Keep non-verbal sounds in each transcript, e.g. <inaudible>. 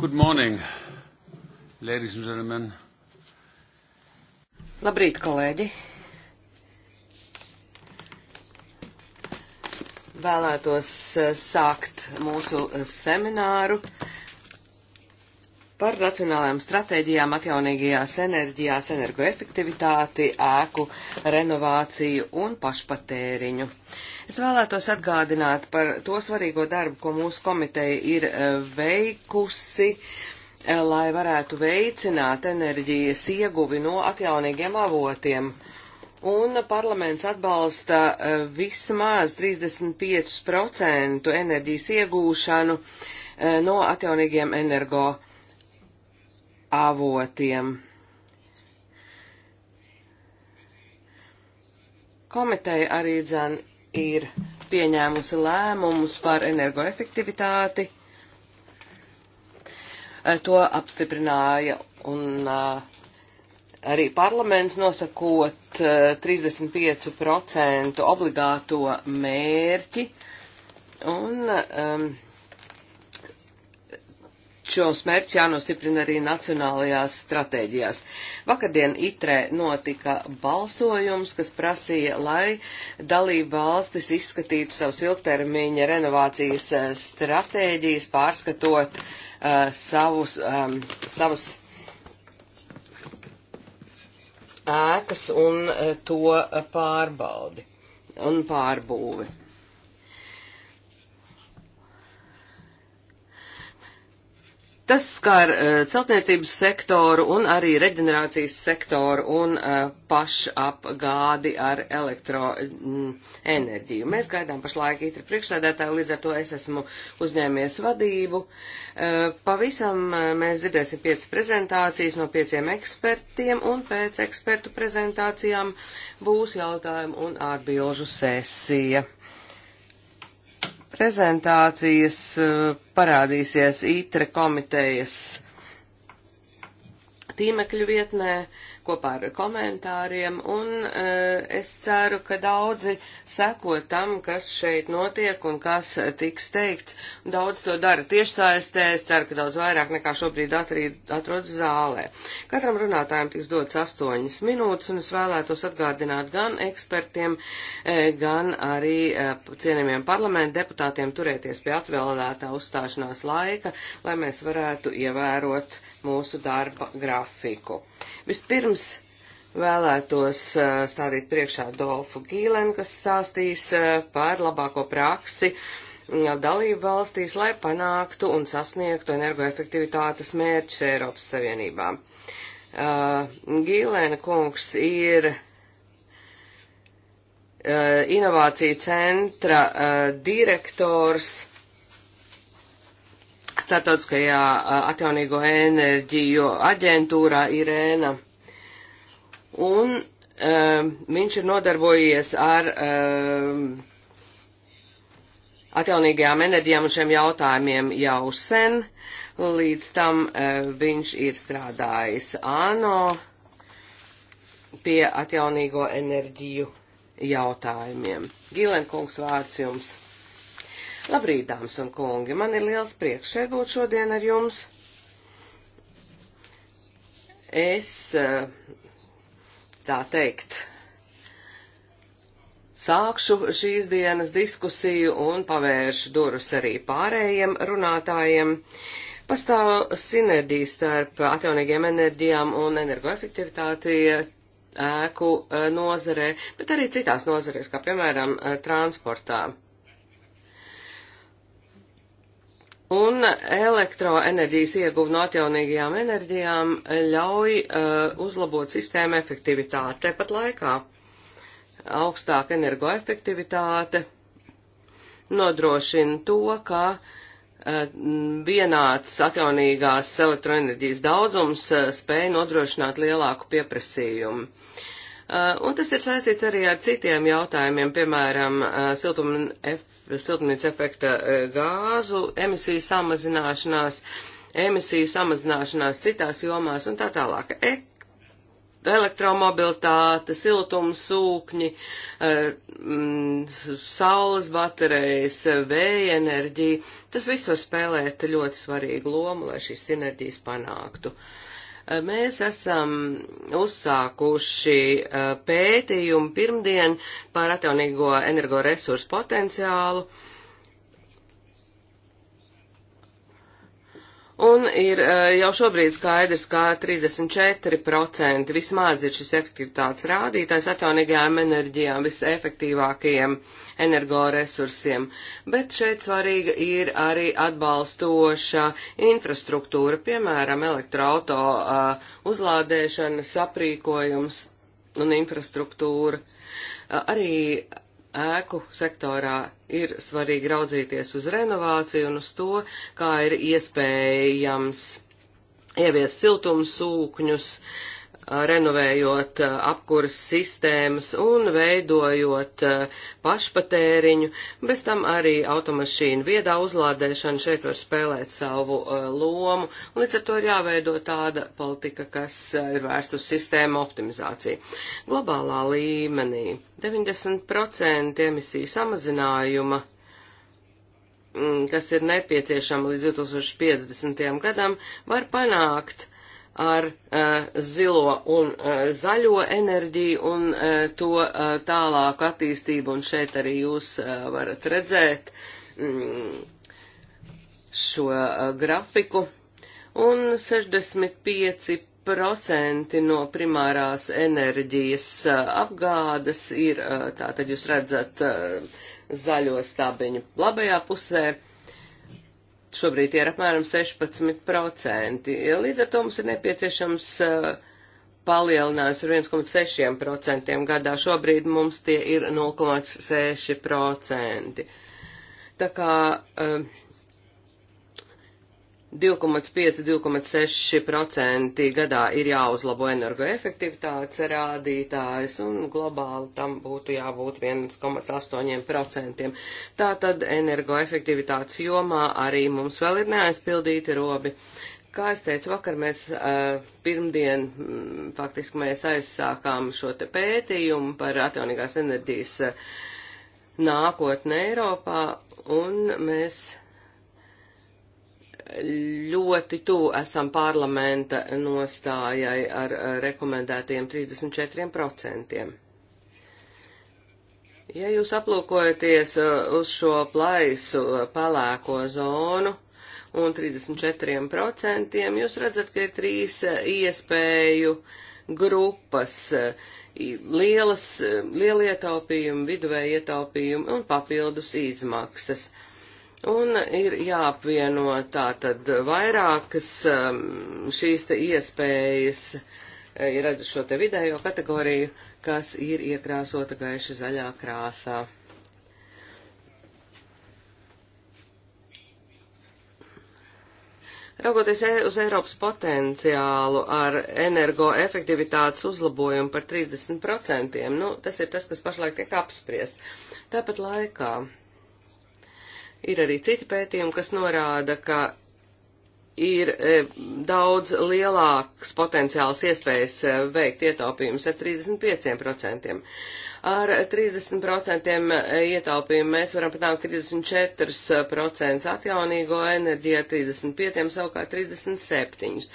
Good morning, ladies and gentlemen. Labrīt, kolēģi! Vēlētos eh, sākt mūsu eh, semināru par racionālajām stratēģijām, atjaunīgajās enerģijās, energoefektivitāti, ēku renovāciju un pašpatēriņu. Uh, Es vēlētos atgādināt par to svarīgo darbu, ko mūsu komiteja ir e, veikusi, e, lai varētu veicināt enerģijas ieguvi no atjaunīgiem avotiem. Un parlaments atbalsta e, vismaz 35% enerģijas iegūšanu no atjaunīgiem energo avotiem. Komiteja arī dzan ir pieņēmusi lēmumus par energoefektivitāti. Eh, to apstiprināja un eh, arī parlaments nosakot 35% eh, obligāto mērķi. Un, um, šos mērķus jānostiprina arī nacionālajās stratēģijās. Vakardien itrē notika balsojums, kas prasīja, lai dalība valstis izskatītu savus ilgtermiņa renovācijas eh, stratēģijas, pārskatot uh, savus, um, savas ēkas un uh, to pārbaudi un pārbūvi. Tas skar eh, celtniecības sektoru un arī reģenerācijas sektoru un eh, pašapgādi ar elektroenerģiju. Mm, mēs gaidām pašlaik ītri priekšsēdētāju, līdz ar to es esmu uzņēmies vadību. Eh, pavisam mēs dzirdēsim piecas prezentācijas no pieciem ekspertiem un pēc ekspertu prezentācijām būs jautājumu un atbilžu sesija prezentācijas eh, parādīsies ITRE komitejas tīmekļu vietnē. Uh, kopā ar komentāriem, un eh, es ceru, ka daudzi seko tam, kas šeit notiek un kas tiks teikts. Daudz to dara tiešsaistē, es ceru, ka daudz vairāk nekā šobrīd atrodas zālē. Katram runātājam tiks dots astoņas minūtes, un es vēlētos atgādināt gan ekspertiem, eh, gan arī eh, cienījumiem parlamentu deputātiem turēties pie atvēlētā uzstāšanās laika, lai mēs varētu ievērot mūsu darba grafiku. Vispirms Vispirms vēlētos stādīt priekšā Dolfu Gīlenu, kas stāstīs par labāko praksi dalību valstīs, lai panāktu un sasniegtu energoefektivitātes mērķus Eiropas Savienībā. Gīlēna kungs ir inovāciju centra direktors Startautiskajā atjaunīgo enerģiju aģentūrā Irēna un um, viņš ir nodarbojies ar um, atjaunīgajām enerģijām un šiem jautājumiem jau sen. Līdz tam uh, viņš ir strādājis ANO pie atjaunīgo enerģiju jautājumiem. Gīlen kungs vārds jums. Labrīt, dāmas un kungi, man ir liels prieks šeit būt šodien ar jums. Es uh, tā teikt, sākšu šīs dienas diskusiju un pavēršu durvis arī pārējiem runātājiem. Pastāv sinerģija starp atjaunīgiem enerģijām un energoefektivitāti ēku eh, nozarē, bet arī citās nozarēs, kā piemēram eh, transportā. Un elektroenerģijas ieguva no atjaunīgajām enerģijām ļauj uh, uzlabot sistēmu efektivitāti. Tepat laikā augstāka energoefektivitāte nodrošina to, ka uh, vienāds atjaunīgās elektroenerģijas daudzums uh, spēj nodrošināt lielāku pieprasījumu. Uh, un tas ir saistīts arī ar citiem jautājumiem, piemēram, uh, siltuma efektivitāte siltumnīca efekta e, gāzu emisiju samazināšanās, emisiju samazināšanās citās jomās un tā tālāk. E elektromobilitāte, siltums sūkņi, e, mm, saules baterijas, vēja enerģija. Tas viss var spēlēt ļoti svarīgu lomu, lai šīs sinerģijas panāktu. Uh, Mēs esam uzsākuši uh, pētījumu pirmdien par atjaunīgo energoresursu potenciālu. Uh, Un ir e, jau šobrīd skaidrs, ka 34% vismaz ir šis efektivitātes rādītājs atjaunīgajām enerģijām, visefektīvākajiem energoresursiem. Bet šeit svarīga ir arī atbalstoša infrastruktūra, piemēram, elektroauto uh, e, uzlādēšanas aprīkojums un infrastruktūra. Uh, arī ēku sektorā ir svarīgi raudzīties uz renovāciju un uz to, kā ir iespējams ievies siltumsūkņus, uh, renovējot eh, apkuras sistēmas un veidojot eh, pašpatēriņu, bez tam arī automašīnu viedā uzlādēšana šeit var spēlēt savu eh, lomu, un līdz ar to ir jāveido tāda politika, kas ir vērst uz sistēmu optimizāciju. Globālā līmenī 90% emisiju samazinājuma mm, kas ir nepieciešama līdz 2050. gadam, var panākt uh, ar uh, zilo un uh, zaļo enerģiju un uh, to uh, tālāku attīstību, un šeit arī jūs uh, varat redzēt mm, šo uh, grafiku. Un 65% no primārās enerģijas uh, apgādes ir, uh, tātad jūs redzat uh, zaļo stabiņu labajā pusē, uh, Šobrīd ir apmēram 16%. Līdz ar to mums ir nepieciešams eh, palielinājums ar 1,6% gadā. Šobrīd mums tie ir 0,6%. Tā kā uh, 2,5-2,6% gadā ir jāuzlabo energoefektivitātes rādītājs, un globāli tam būtu jābūt 1,8%. Tātad energoefektivitātes jomā arī mums vēl ir neaizpildīti robi. Kā es teicu, vakar mēs uh, pirmdien, m, mm, faktiski mēs aizsākām šo te pētījumu par atjaunīgās enerģijas uh, eh, nākotni Eiropā, un mēs ļoti tuvu esam parlamenta nostājai ar rekomendētiem 34%. Ja jūs aplūkojaties uh, uz šo plaisu uh, pelēko zonu un 34%, jūs redzat, ka ir trīs uh, iespēju grupas - lielas, lielie ietaupījumi, viduvēji ietaupījumi un papildus izmaksas Un ir jāapvieno tātad vairākas um, šīs te iespējas, ir e, redz šo te vidējo kategoriju, kas ir iekrāsota gaiši zaļā krāsā. Raugoties e, uz Eiropas potenciālu ar energoefektivitātes uzlabojumu par 30%, nu, tas ir tas, kas pašlaik tiek apspriests. Tāpat laikā Ir arī citi pētījumi, kas norāda, ka ir e, daudz lielāks potenciāls iespējas e, veikt ietaupījumus ar 35%. Ar 30% e, ietaupījumu mēs varam panākt 34% atjaunīgo enerģiju, ar 35% savukārt 37%.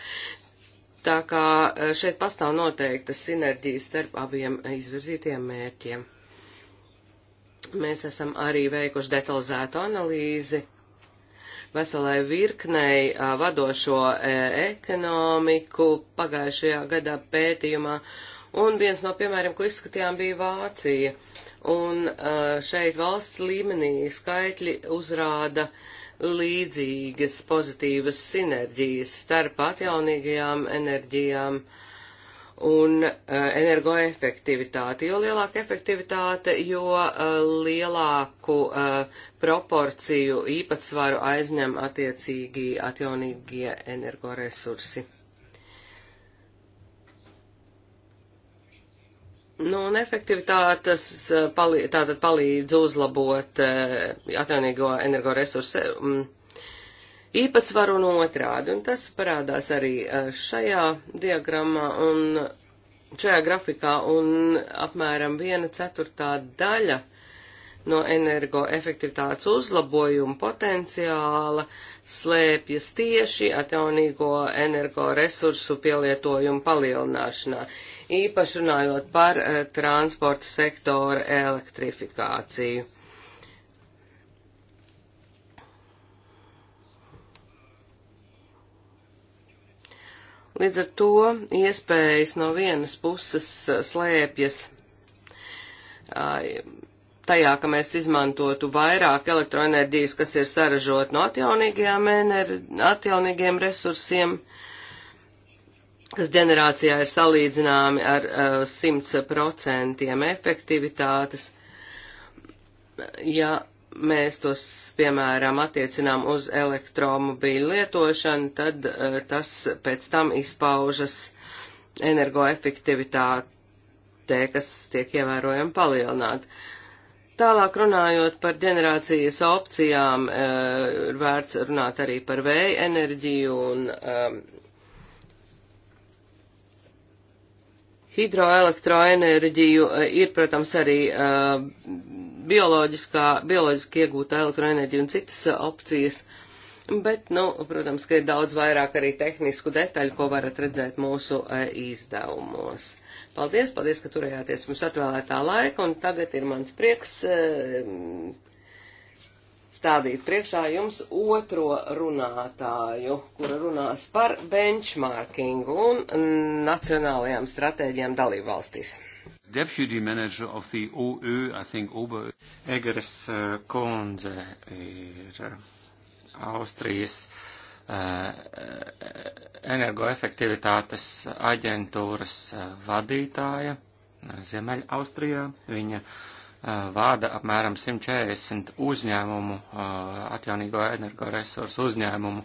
Tā kā e, šeit pastāv noteiktas sinerģijas starp abiem izvirzītiem mērķiem. Mēs esam arī veikuši detalizētu analīzi veselai virknei vadošo ekonomiku pagājušajā gadā pētījumā, un viens no piemēriem, ko izskatījām, bija Vācija. Un šeit valsts līmenī skaitļi uzrāda līdzīgas pozitīvas sinerģijas starp atjaunīgajām enerģijām, uh, un uh, energoefektivitāti. Jo lielāka efektivitāte, jo uh, lielāku uh, proporciju īpatsvaru aizņem attiecīgi atjaunīgie energoresursi. Nu, un efektivitātes palīdz, tātad palīdz uzlabot atjaunīgo energoresursu īpatsvaru un otrādi, un tas parādās arī e, šajā diagramā un šajā grafikā, un apmēram viena ceturtā daļa no energoefektivitātes uzlabojuma potenciāla slēpjas tieši atjaunīgo energoresursu pielietojumu palielināšanā, īpaši runājot par uh, transporta sektora elektrifikāciju. Līdz ar to iespējas no vienas puses uh, slēpjas uh, tajā, ka mēs izmantotu vairāk elektroenerģijas, kas ir saražot no atjaunīgajām, ener, atjaunīgajiem resursiem, kas ģenerācijā ir salīdzināmi ar uh, 100% efektivitātes. Ja mēs tos, piemēram, attiecinām uz elektromobīļu lietošanu, tad uh, tas pēc tam izpaužas energoefektivitātē, kas tiek ievērojami palielināta. Tālāk runājot par ģenerācijas opcijām, uh, ir vērts runāt arī par vēja enerģiju un um, hidroelektroenerģiju. Eh, ir, protams, arī uh, bioloģiskā, bioloģiski iegūtā elektroenerģija un citas uh, opcijas. Bet, nu, protams, ka ir daudz vairāk arī tehnisku detaļu, ko varat redzēt mūsu uh, izdevumos. Paldies, paldies, ka turējāties mums atvēlētā laika, un tagad ir mans prieks uh, stādīt priekšā jums otro runātāju, kura runās par benchmarkingu un nacionālajām stratēģijām dalībvalstīs. Deputy manager of the OE, I think Ober. Egeres uh, kundze ir uh, Austrijas uh, energoefektivitātes aģentūras vadītāja Ziemeļa Austrijā. Viņa vāda apmēram 140 uzņēmumu, atjaunīgo energoresursu uzņēmumu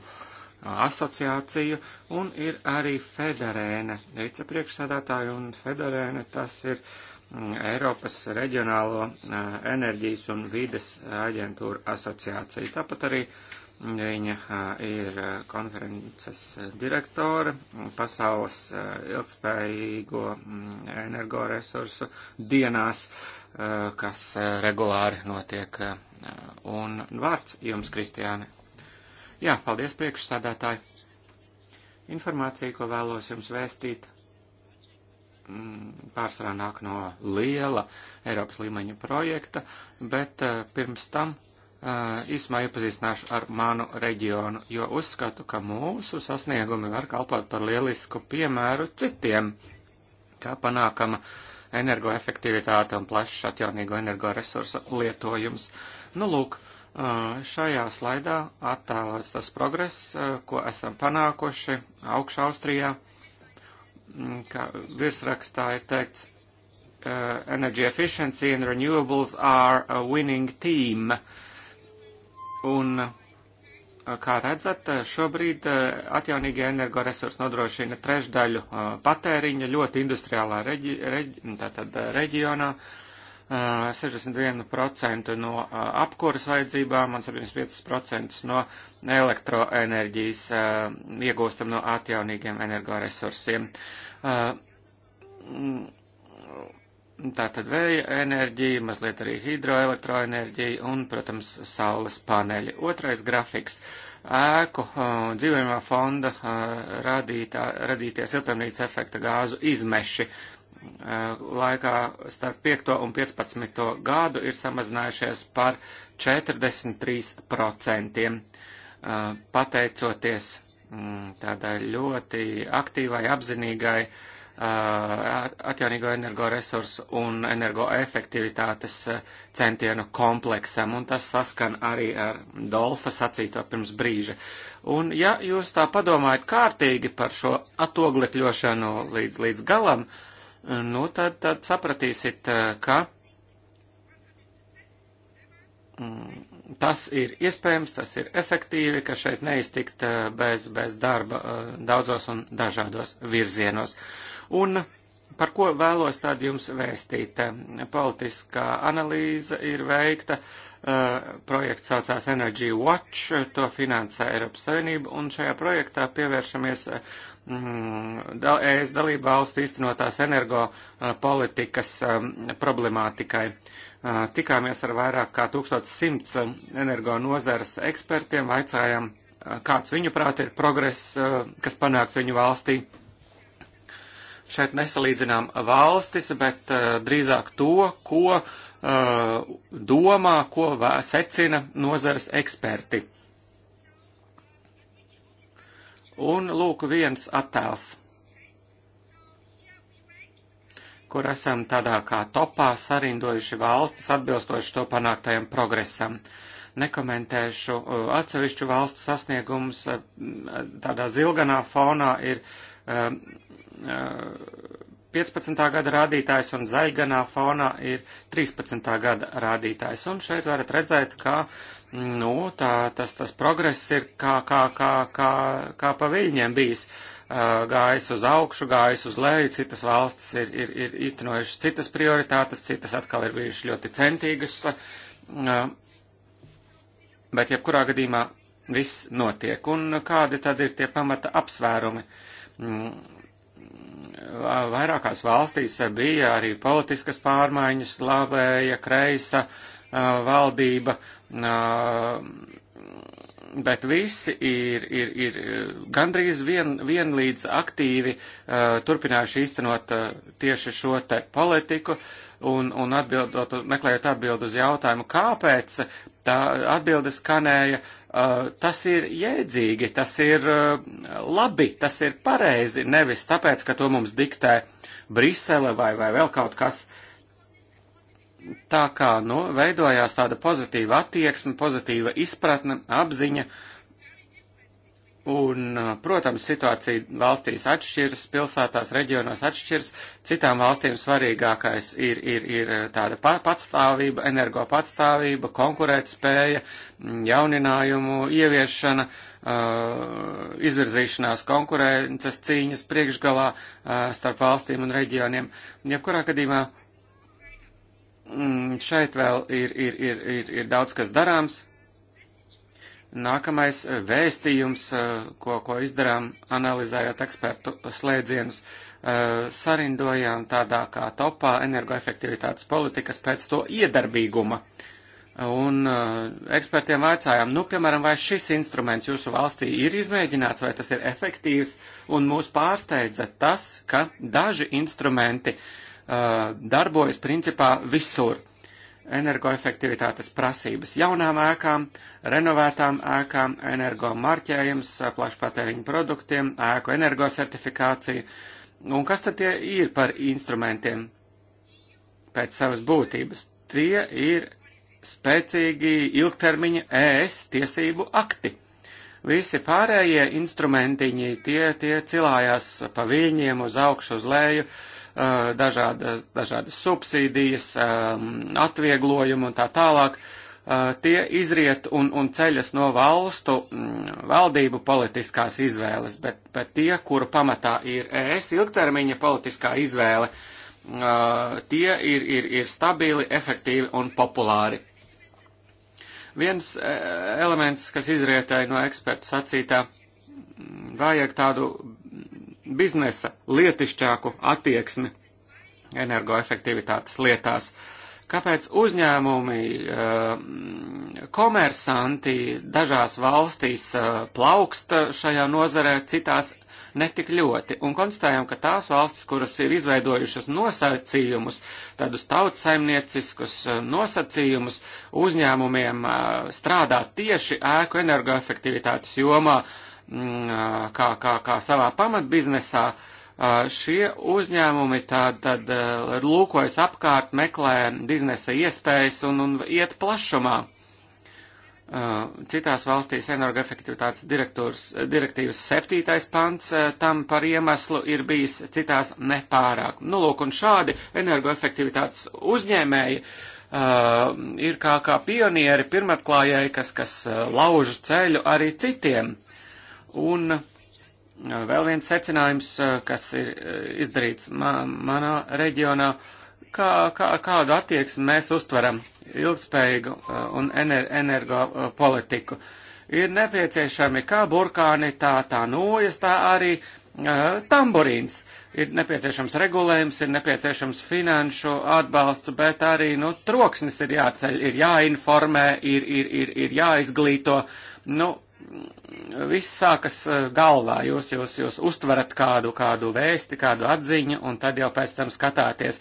asociāciju, un ir arī Federēne, vicepriekšsēdētāja, un Federēne tas ir mm, Eiropas reģionālo enerģijas un vides aģentūra asociācija. Tāpat arī viņa ir konferences direktore pasaules ilgspējīgo mm, energoresursu dienās, kas regulāri notiek. Un vārds jums, Kristiāne. Jā, paldies priekšsādātāji. Informācija, ko vēlos jums vēstīt, mm, pārsvarā nāk no liela Eiropas līmeņa projekta, bet eh, pirms tam eh, īsumā iepazīstināšu ar manu reģionu, jo uzskatu, ka mūsu sasniegumi var kalpot par lielisku piemēru citiem, kā panākama energoefektivitāte un plašs atjaunīgo energoresursu lietojums. Nu, lūk, uh, Šajā slaidā attēlots tas progress, ko esam panākuši augšā Austrijā, mm, kā virsrakstā ir teikts, energy efficiency and renewables are a winning team. Un, kā redzat, šobrīd atjaunīgie energoresursi nodrošina trešdaļu patēriņa ļoti industriālā reģi, reģi, tātad, reģionā. Uh, 61% uh, no uh, apkuras vajadzībām un 75% no elektroenerģijas uh, iegūstam no atjaunīgiem energoresursiem. Mm, tātad vēja enerģija, mazliet arī hidroelektroenerģija un, protams, saules paneļi. Otrais grafiks - ēku dzīvojumā fonda radītā, radītie siltumnīca efekta gāzu izmeši Eh, laikā starp 5. un 15. gadu ir samazinājušies par 43%, eh, pateicoties mm, tādai ļoti aktīvai, apzinīgai eh, atjaunīgo energoresursu un energoefektivitātes centienu kompleksam, un tas saskan arī ar Dolfa sacīto pirms brīža. Un ja jūs tā padomājat kārtīgi par šo atoglekļošanu līdz, līdz galam, uh, nu tad, tad sapratīsit, eh, ka mm, tas ir iespējams, tas ir efektīvi, ka šeit neiztikt eh, bez, bez darba eh, daudzos un dažādos virzienos. Un par ko vēlos tad jums vēstīt? Politiskā analīze ir veikta, projekts saucās Energy Watch, to finansē Eiropas Savienība, un šajā projektā pievēršamies Mm, ES dalību valstu īstenotās energopolitikas mm, problemātikai. Mm, tikāmies ar vairāk kā 1100 energo nozares ekspertiem, vaicājām, kāds viņu prāt ir progress, kas panāks viņu valstī. Šeit nesalīdzinām valstis, bet drīzāk to, ko domā, ko secina nozares eksperti Un lūk viens attēls, kur esam tādā kā topā sarindojuši valstis atbilstoši to panāktajam progresam. Nekomentēšu uh, atsevišķu valstu sasniegumus, uh, tādā zilganā fonā ir 15. Um, uh, gada rādītājs un zaļganā fonā ir 13. gada rādītājs. Un šeit varat redzēt, kā uh, nu, tā, tas, tas progress ir kā, kā, kā, kā, kā pa viļņiem bijis. Gājis uz augšu, gājis uz leju, citas valstis ir, ir, ir iztenojušas citas prioritātes, citas atkal ir bijušas ļoti centīgas. Bet jebkurā gadījumā viss notiek. Un kādi tad ir tie pamata apsvērumi? Mm, vairākās valstīs bija arī politiskas pārmaiņas, labēja, kreisa, uh, valdība, bet visi ir, ir, ir gandrīz vien, vienlīdz aktīvi turpinājuši īstenot tieši šo te politiku un, un atbildot, meklējot atbildu uz jautājumu, kāpēc tā atbildes skanēja, tas ir jēdzīgi, tas ir labi, tas ir pareizi, nevis tāpēc, ka to mums diktē Brisele vai, vai vēl kaut kas tā kā, nu, veidojās tāda pozitīva attieksme, pozitīva izpratne, apziņa. Un, protams, situācija valstīs atšķiras, pilsētās, reģionos atšķiras. Citām valstīm svarīgākais ir, ir, ir tāda patstāvība, energo patstāvība, konkurētspēja, jauninājumu ieviešana, izvirzīšanās konkurences cīņas priekšgalā starp valstīm un reģioniem. Jebkurā gadījumā Mm, šeit vēl ir, ir, ir, ir, ir daudz kas darāms. Nākamais eh, vēstījums, eh, ko, ko izdarām, analizējot ekspertu slēdzienus, eh, sarindojām tādā kā topā energoefektivitātes politikas pēc to iedarbīguma. Un ekspertiem vaicājām, nu, piemēram, vai šis instruments jūsu valstī ir izmēģināts, vai tas ir efektīvs, un mūs pārsteidza tas, ka daži instrumenti uh, Uh, darbojas principā visur. Energoefektivitātes prasības jaunām ēkām, renovētām ēkām, energo marķējums, uh, plašpatēriņu produktiem, ēku energosertifikācija. Un kas tad tie ir par instrumentiem pēc savas būtības? Tie ir spēcīgi ilgtermiņa ES tiesību akti. Visi pārējie instrumentiņi, tie, tie cilājās pa viņiem uz augšu, uz leju, uh, dažādas, dažādas subsīdijas, atvieglojumu un tā tālāk. Tie izriet un, un ceļas no valstu valdību politiskās izvēles, bet, bet tie, kuru pamatā ir ES ilgtermiņa politiskā izvēle, tie ir, ir, ir stabili, efektīvi un populāri. Viens elements, kas izrietēja no eksperta sacītā, vajag tādu biznesa lietišķāku attieksmi energoefektivitātes lietās. Kāpēc uzņēmumi, eh, komersanti dažās valstīs eh, plauksta šajā nozarē, citās netik ļoti, un konstatējam, ka tās valstis, kuras ir izveidojušas nosacījumus, tādus tautsaimnieciskus eh, nosacījumus uzņēmumiem strādāt tieši ēku energoefektivitātes jomā, uh, Mm, kā, kā, kā savā pamatbiznesā, šie uzņēmumi tad, tad lūkojas apkārt, meklē biznesa iespējas un, un iet plašumā. Citās valstīs energoefektivitātes direktīvas septītais pants tam par iemeslu ir bijis citās nepārāk. Nu, lūk, un šādi energoefektivitātes uzņēmēji uh, ir kā, kā pionieri, pirmatklājēji, kas, kas lauž ceļu arī citiem. Uh, Un uh, vēl viens secinājums, uh, kas ir uh, izdarīts man, manā reģionā, kā, kā, kādu attieksmi mēs uztveram ilgspējīgu un ener, energopolitiku. Ir nepieciešami kā burkāni, tā, tā nojas, tā arī tamburīns. Ir nepieciešams regulējums, ir nepieciešams finanšu atbalsts, bet arī nu, troksnis ir jāceļ, ir jāinformē, ir, ir, ir, ir jāizglīto. Nu, viss sākas eh, galvā. Jūs, jūs, jūs uztverat kādu, kādu vēsti, kādu atziņu, un tad jau pēc tam skatāties,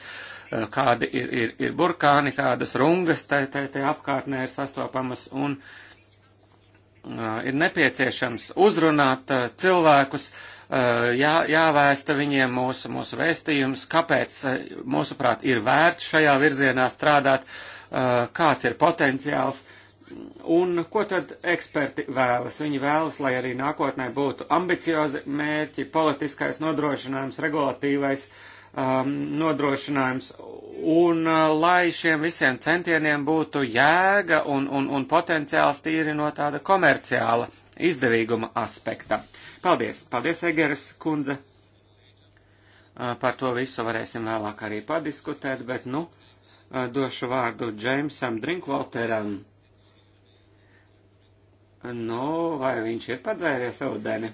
eh, kādi ir, ir, ir burkāni, kādas rungas te, te, te apkārtnē ir sastopamas, un eh, ir nepieciešams uzrunāt cilvēkus, jā, jāvēsta viņiem mūsu, mūsu vēstījums, kāpēc, mūsuprāt, ir vērts šajā virzienā strādāt, kāds ir potenciāls. Uh, Un ko tad eksperti vēlas? Viņi vēlas, lai arī nākotnē būtu ambiciozi mērķi, politiskais nodrošinājums, regulatīvais um, nodrošinājums, un uh, lai šiem visiem centieniem būtu jēga un, un, un potenciāls tīri no tāda komerciāla izdevīguma aspekta. Paldies! Paldies, Egeres kundze! Uh, par to visu varēsim vēlāk arī padiskutēt, bet nu uh, došu vārdu Džeimsam Drinkvalteram Nu, vai viņš ir padzēries ūdeni?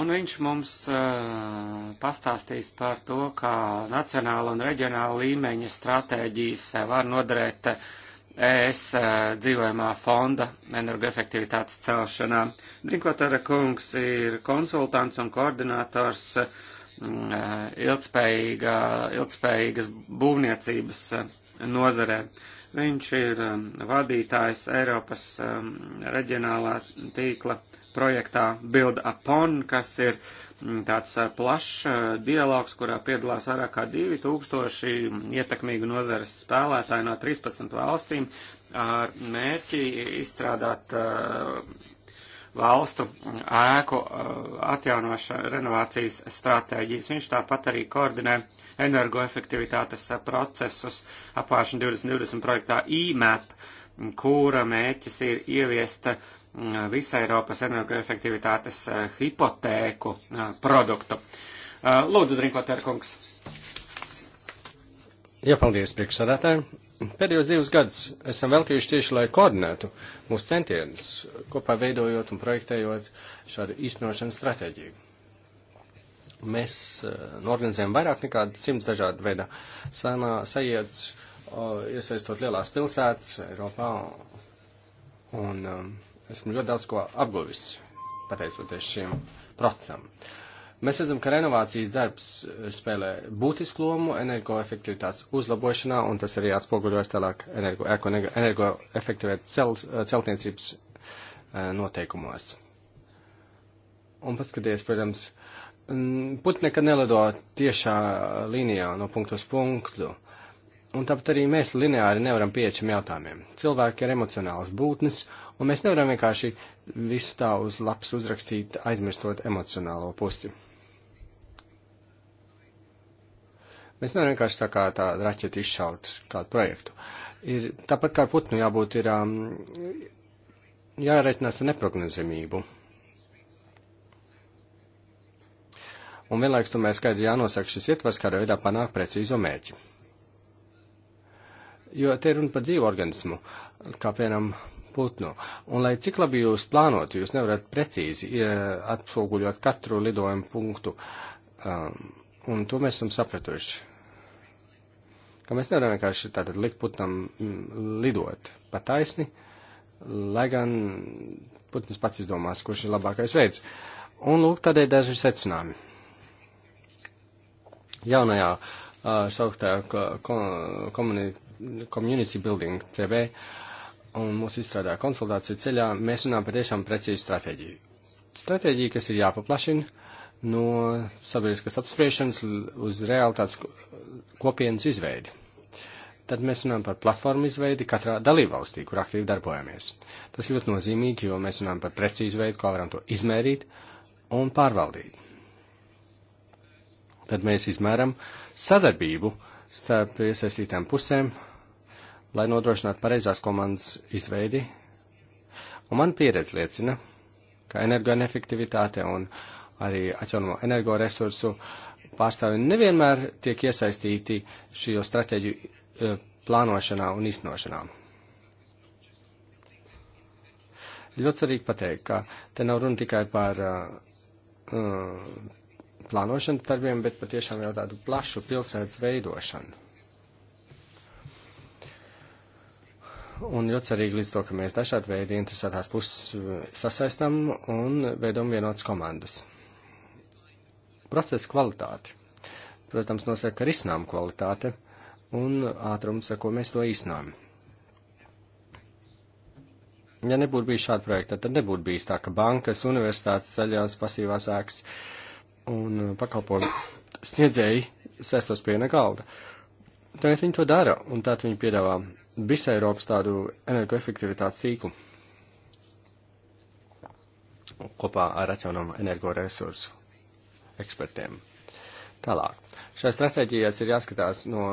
Un viņš mums uh, pastāstīs par to, kā nacionāla un reģionāla līmeņa stratēģijas eh, var noderēt eh, ES uh, dzīvojamā fonda energoefektivitātes celšanā. Drinkotara kungs ir konsultants un koordinators uh, Mm, eh, ilgspējīgā, ilgspējīgas būvniecības eh, nozarē. Viņš ir eh, vadītājs Eiropas reģionālā tīkla projektā Build Upon, kas ir mm, tāds plašs dialogs, kurā piedalās vairāk kā 2000 ietekmīgu nozares spēlētāju no 13 valstīm ar mērķi izstrādāt valstu ēku eh, atjaunošanas renovācijas stratēģijas. Viņš tāpat arī koordinē energoefektivitātes eh, procesus apvāršana 2020 projektā IMAP, e kura mēķis ir ieviest eh, visai Eiropas energoefektivitātes hipotēku produktu. Lūdzu, Drinkotērkungs. Jā, paldies priekšsādātājiem pēdējos divus gadus esam veltījuši tieši, lai koordinētu mūsu centienus, kopā veidojot un projektējot šādu īstenošanas stratēģiju. Mēs uh, eh, organizējam vairāk nekā simts dažādu veidu sajēdz, uh, iesaistot lielās pilsētas Eiropā, un um, esmu ļoti daudz ko apguvis, pateicoties šiem procesam. Uh, Mēs redzam, ka renovācijas darbs spēlē būtisku lomu energoefektivitātes uzlabošanā, un tas arī atspoguļojas tālāk energoefektivitātes energo, energo cel, celtniecības e, noteikumos. Un paskaties, protams, putni nekad nelido tiešā līnijā no punktu uz punktu, un tāpat arī mēs lineāri nevaram pieiet šiem jautājumiem. Cilvēki ir emocionāls būtnes, un mēs nevaram vienkārši visu tā uz labs uzrakstīt, aizmirstot emocionālo pusi. Mēs nevaram vienkārši tā kā tā raķeti izšaut kādu projektu. Ir, tāpat kā ar putnu jābūt ir um, jāreķinās ar neprognozamību. Un vienlaiks tomēr skaidri jānosaka šis ietvars, kādā veidā panākt precīzo mērķi. Jo te ir runa par dzīvu organismu, kā piemēram putnu. Un lai cik labi jūs plānotu, jūs nevarat precīzi e, atspoguļot katru lidojumu punktu. Um, un to mēs esam sapratuši ka mēs nevaram vienkārši tātad likt putnam mm, lidot pa taisni, lai gan putns pats izdomās, kurš ir labākais veids. Un lūk, tādēļ daži secinājumi. Jaunajā uh, sauktajā community building CB un mūsu izstrādā konsultāciju ceļā mēs runājam patiešām precīzu stratēģiju. Stratēģija, kas ir jāpaplašina, no sabiedriskas apspriešanas uz realitātes kopienas izveidi. Tad mēs runājam par platformu izveidi katrā dalībvalstī, kur aktīvi darbojamies. Tas ļoti nozīmīgi, jo mēs runājam par precīzu veidu, kā varam to izmērīt un pārvaldīt. Tad mēs izmēram sadarbību starp iesaistītām pusēm, lai nodrošinātu pareizās komandas izveidi. Un man pieredze liecina, ka energoefektivitāte un uh, arī atjaunamo energoresursu pārstāvi nevienmēr tiek iesaistīti šo stratēģiju eh, plānošanā un iznošanā. Ļoti svarīgi pateikt, ka te nav runa tikai par uh, plānošanu darbiem, bet patiešām jau tādu plašu pilsētas veidošanu. un ļoti svarīgi līdz to, ka mēs dažādi veidi interesētās puses sasaistam un veidam vienotas komandas. Procesa kvalitāti, protams, nosaka risinājumu kvalitāte un ātrums, ar ko mēs to īstenojam. Ja nebūtu bijis šāda projekta, tad nebūtu bijis tā, ka bankas, universitātes, ceļās, pasīvās ēkas un pakalpojumu sniedzēji sestos pie viena galda. Tāpēc viņi to dara, un tātad viņi piedāvā visai Eiropas tādu energoefektivitātes tīklu kopā ar atjaunumu energoresursu ekspertiem. Tālāk. Šajā stratēģijās ir jāskatās no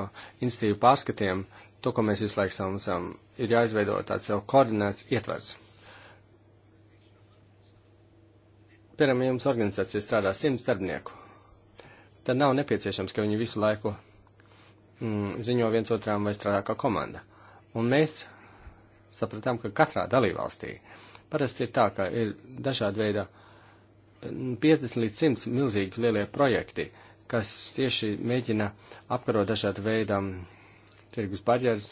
institīvu pārskatiem, to, ko mēs visu laiku samsam, ir jāizveido tāds jau koordinēts ietvers. Piemēram, ja jums organizācija strādā simts darbinieku, tad nav nepieciešams, ka viņi visu laiku mm, ziņo viens otram vai strādā kā komanda. Un mēs sapratām, ka katrā dalībvalstī parasti ir tā, ka ir dažāda veida uh, 50 līdz 100 milzīgi lielie projekti, kas tieši mēģina apkarot dažādu veidu um, tirgus barjeras,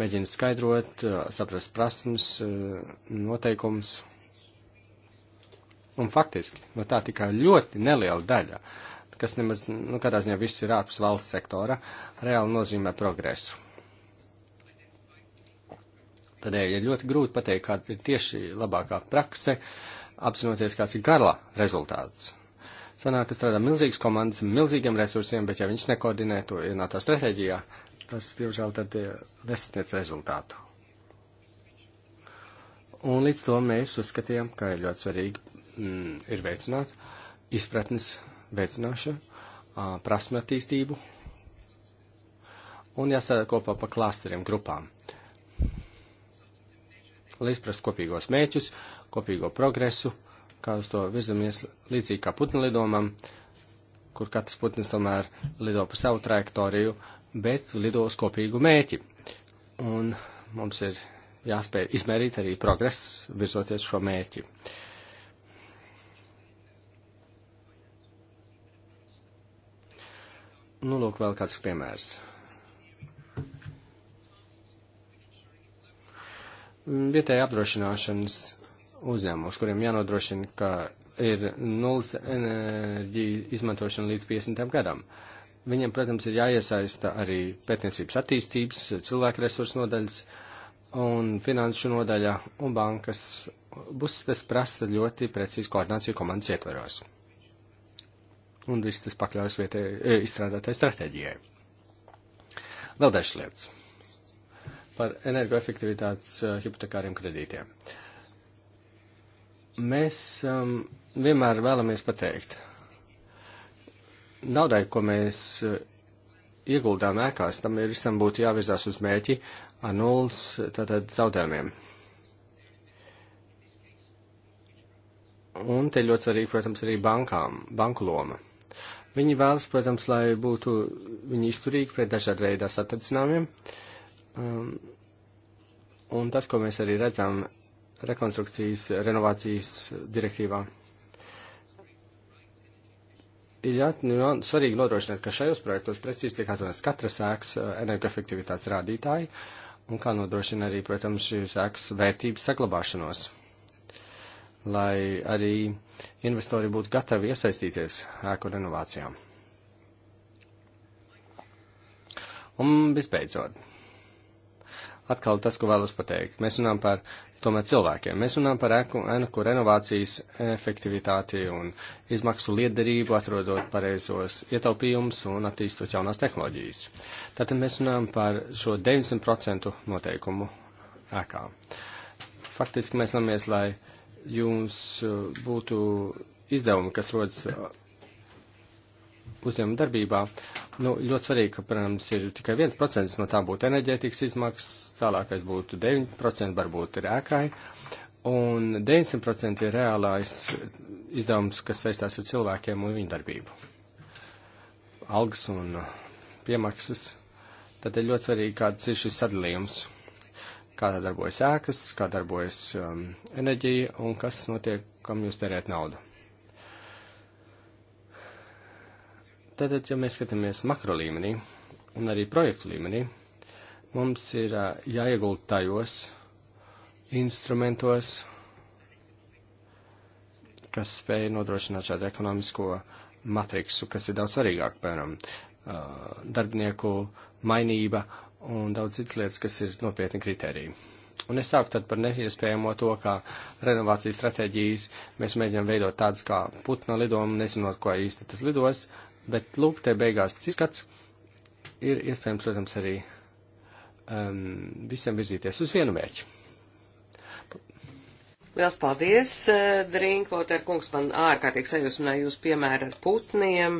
mēģina skaidrot, uh, saprast prasmes, uh, noteikums. Un faktiski, no tā tikai ļoti neliela daļa, kas nemaz, nu, kādā ziņā viss ir ārpus valsts sektora, reāli nozīmē progresu. Tādēļ ir ļoti grūti pateikt, kāda ir tieši labākā prakse, uh, apzinoties, kāds ir garla rezultāts. Sanāk, ka strādā milzīgas komandas, milzīgiem resursiem, bet ja viņas nekoordinē to ienātā stratēģijā, tas, diemžēl, tad eh, nesniedz rezultātu. Un līdz to mēs uzskatījām, ka ir ļoti svarīgi mm, ir veicināt izpratnes veicināšanu, prasme attīstību un jāsādā kopā pa klāsteriem grupām. Lai izprast kopīgos mēķus kopīgo progresu, kā uz to virzamies līdzīgi kā putnu lidomam, kur katrs putns tomēr lido pa savu trajektoriju, bet lido uz kopīgu mēķi. Un mums ir jāspēj izmērīt arī progress virzoties šo mērķi. Nu, lūk, vēl kāds piemērs. Vietēja apdrošināšanas uzņēmumus, kuriem jānodrošina, ka ir nulles enerģija izmantošana līdz 50. gadam. Viņiem, protams, ir jāiesaista arī pētniecības attīstības, cilvēku resursu nodaļas un finanšu nodaļa un bankas. Būs tas prasa ļoti precīzu koordināciju komandas ietveros. Un viss tas pakļaujas vietē e, izstrādātai stratēģijai. Vēl dažas lietas par energoefektivitātes e, hipotekāriem kredītiem. Uh, mēs um, vienmēr vēlamies pateikt, naudai, ko mēs uh, ieguldām ēkās, tam ir visam būtu jāvirzās uz mērķi ar nulles tātad zaudējumiem. Un te ļoti svarīgi, protams, arī bankām, banku loma. Viņi vēlas, protams, lai būtu viņi izturīgi pret dažādu veidā satricinājumiem. Um, un tas, ko mēs arī redzam rekonstrukcijas, renovācijas direktīvā. Ir jā, nu, svarīgi nodrošināt, ka šajos projektos precīzi tiek atrunāts katra sēks eh, energoefektivitātes rādītāji un kā nodrošina arī, protams, šīs sēks vērtības saglabāšanos, lai arī investori būtu gatavi iesaistīties ēku renovācijām. Un visbeidzot, atkal tas, ko vēlos pateikt. Mēs runājam par tomēr cilvēkiem. Mēs runājam par ēnu renovācijas efektivitāti un izmaksu liederību, atrodot pareizos ietaupījumus un attīstot jaunās tehnoloģijas. Tātad mēs runājam par šo 90% noteikumu ēkā. Faktiski mēs vēlamies, lai jums uh, būtu izdevumi, kas rodas uzņēmuma darbībā. Nu, ļoti svarīgi, ka, protams, ir tikai 1% no tā būtu enerģētikas izmaksas, tālākais būtu 9% varbūt ir ēkai, un 900% ir reālais izdevums, kas saistās ar cilvēkiem un viņu darbību. Algas un piemaksas. Tad ir ļoti svarīgi, kāds ir šis sadalījums kā darbojas ēkas, kā darbojas um, enerģija un kas notiek, kam jūs terēt naudu. Tātad, ja mēs skatāmies makro līmenī un arī projektu līmenī, mums ir jāiegulda tajos instrumentos, kas spēj nodrošināt šādu ekonomisko matriksu, kas ir daudz svarīgāk, piemēram, darbinieku mainība un daudz citas lietas, kas ir nopietni kritēriji. Un es sāku tad par neiespējamo to, kā renovācijas stratēģijas mēs mēģinām veidot tādas kā putna lidoma, nezinot, ko īsti tas lidos, Bet, lūk, te beigās skats ir iespējams, protams, arī um, visiem virzīties uz vienu mērķi. Liels paldies, eh, Drinkvoter kungs, man ārkārtīgi sajūsmināja jūs piemēra ar putniem.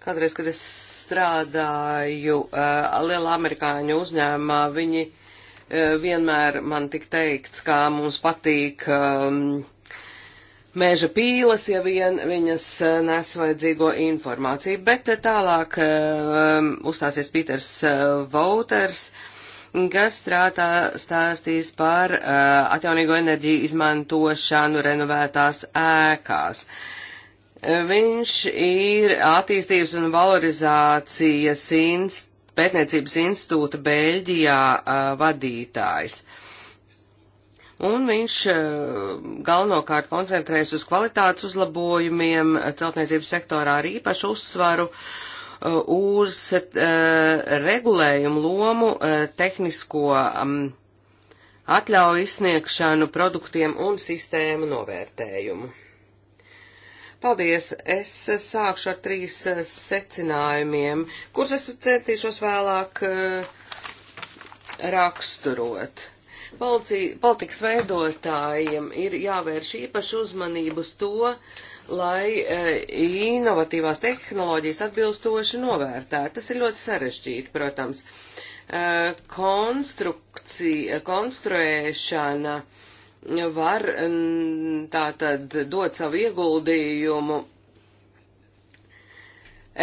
Kādreiz, kad es strādāju uh, lielā amerikāņu uzņēmumā, viņi uh, vienmēr man tik teikts, kā mums patīk um, uh, Mēža pīles, ja vien viņas eh, nes vajadzīgo informāciju, bet eh, tālāk eh, um, uzstāsies Pīters Vauters, kas strātā stāstīs par uh, atjaunīgo enerģiju izmantošanu renovētās ēkās. Viņš ir attīstības un valorizācijas inst pētniecības institūta Bēļģijā uh, vadītājs un viņš eh, galvenokārt koncentrēs uz kvalitātes uzlabojumiem celtniecības sektorā ar īpašu uzsvaru eh, uz eh, regulējumu lomu tehnisko mm, atļauju izsniegšanu produktiem un sistēmu novērtējumu. Paldies! Es sākšu ar trīs secinājumiem, kurus es centīšos vēlāk raksturot. Policija, politikas veidotājiem ir jāvērš īpašu uzmanību uz to, lai eh, inovatīvās tehnoloģijas atbilstoši novērtētu. Tas ir ļoti sarežģīti, protams. Eh, Konstrukcija, konstruēšana var tātad dot savu ieguldījumu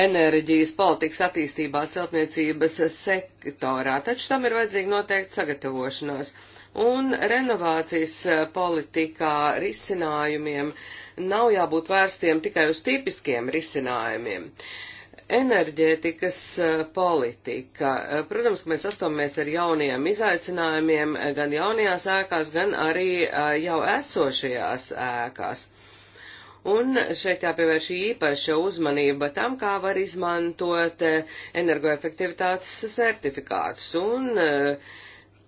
enerģijas politikas attīstībā celtniecības sektorā, taču tam ir vajadzīga noteikti sagatavošanās. Uh, Un renovācijas e, politikā risinājumiem nav jābūt vērstiem tikai uz tipiskiem risinājumiem. Enerģētikas e, politika. E, protams, ka mēs astomies ar jauniem izaicinājumiem gan jaunajās ēkās, gan arī jau esošajās ēkās. Un šeit jāpievērš īpaša uzmanība tam, kā var izmantot energoefektivitātes certifikātus. Un uh,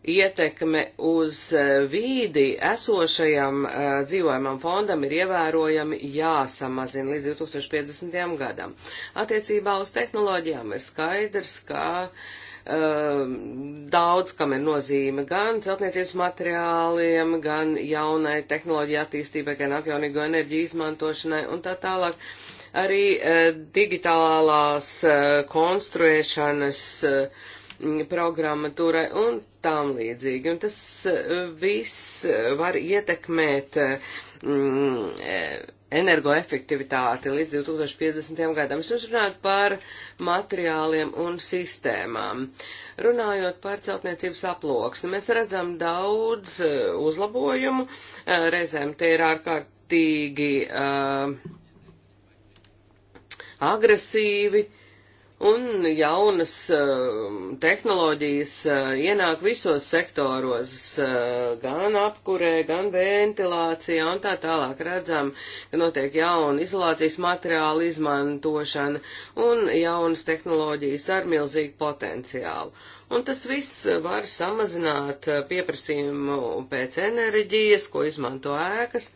ietekme uz e, vīdi esošajam uh, dzīvojamam fondam ir ievērojami jāsamazina līdz 2050. gadam. Attiecībā uz tehnoloģijām ir skaidrs, ka e, daudz, kam ir nozīme gan celtniecības materiāliem, gan jaunai tehnoloģija attīstībai, gan atjaunīgo enerģiju izmantošanai un tā tālāk. Arī eh, digitālās eh, konstruēšanas eh, programmatūrai un tam līdzīgi. Un tas eh, viss eh, var ietekmēt mm, eh, energoefektivitāti līdz 2050. gadam. Es runāju par materiāliem un sistēmām. Runājot par celtniecības aploksni, mēs redzam daudz uzlabojumu. Reizēm tie ir ārkārtīgi uh, agresīvi Un jaunas uh, tehnoloģijas uh, ienāk visos sektoros, uh, gan apkurē, gan ventilācijā un tā tālāk redzam, ka notiek jauna izolācijas materiāla izmantošana un jaunas tehnoloģijas ar milzīgu potenciālu. Un tas viss var samazināt pieprasījumu pēc enerģijas, ko izmanto ēkas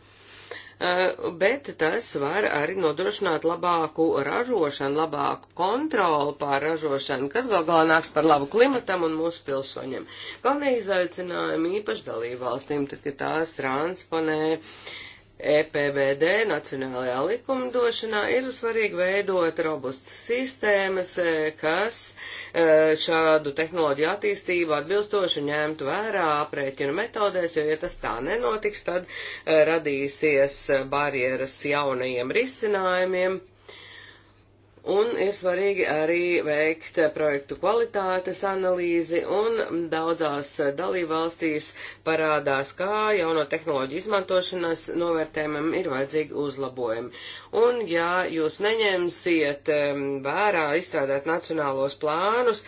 Eh, bet tas var arī nodrošināt labāku ražošanu, labāku kontroli pār ražošanu, kas gal galā nāks par labu klimatam un mūsu pilsoņiem. Galvenie izaicinājumi īpaši dalību valstīm, tad, kad tās transponē uh, EPBD nacionālajā likumdošanā ir svarīgi veidot robustas sistēmas, e, kas e, šādu tehnoloģiju attīstību atbilstoši ņemtu vērā aprēķinu metodēs, jo, ja tas tā nenotiks, tad e, radīsies barjeras jaunajiem risinājumiem Un ir svarīgi arī veikt projektu kvalitātes analīzi, un daudzās dalībvalstīs parādās, kā jauno tehnoloģiju izmantošanas novērtējumam ir vajadzīgi uzlabojumi. Un ja jūs neņemsiet vērā izstrādāt nacionālos plānus,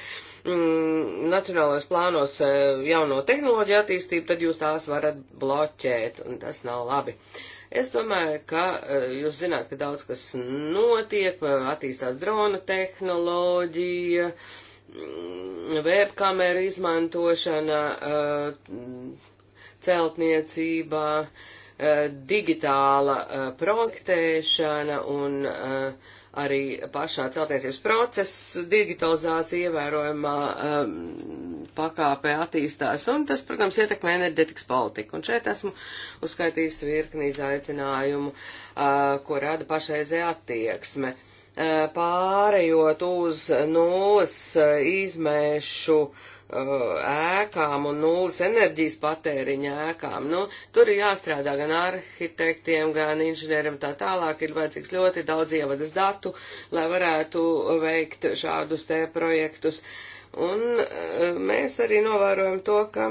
mm, nacionālajos plānos eh, jauno tehnoloģiju attīstību, tad jūs tās varat bloķēt, un tas nav labi. Uh, Es domāju, ka eh, jūs zināt, ka daudz kas notiek, eh, attīstās drona tehnoloģija, mm, webkameru izmantošana eh, celtniecībā, digitāla projektēšana un uh, arī pašā celtniecības process, digitalizācija ievērojamā um, pakāpē attīstās, un tas, protams, ietekmē enerģetikas politiku. Un šeit esmu uzskaitījis virkni izaicinājumu, uh, ko rada pašreizē attieksme. Uh, pārējot uz nulles uh, izmēšu uh, Uh, ēkām un nulles enerģijas patēriņa ēkām. Nu, tur ir jāstrādā gan arhitektiem, gan inženieriem tā tālāk. Ir vajadzīgs ļoti daudz ievadas datu, lai varētu veikt šādus te projektus. Un uh, mēs arī novērojam to, ka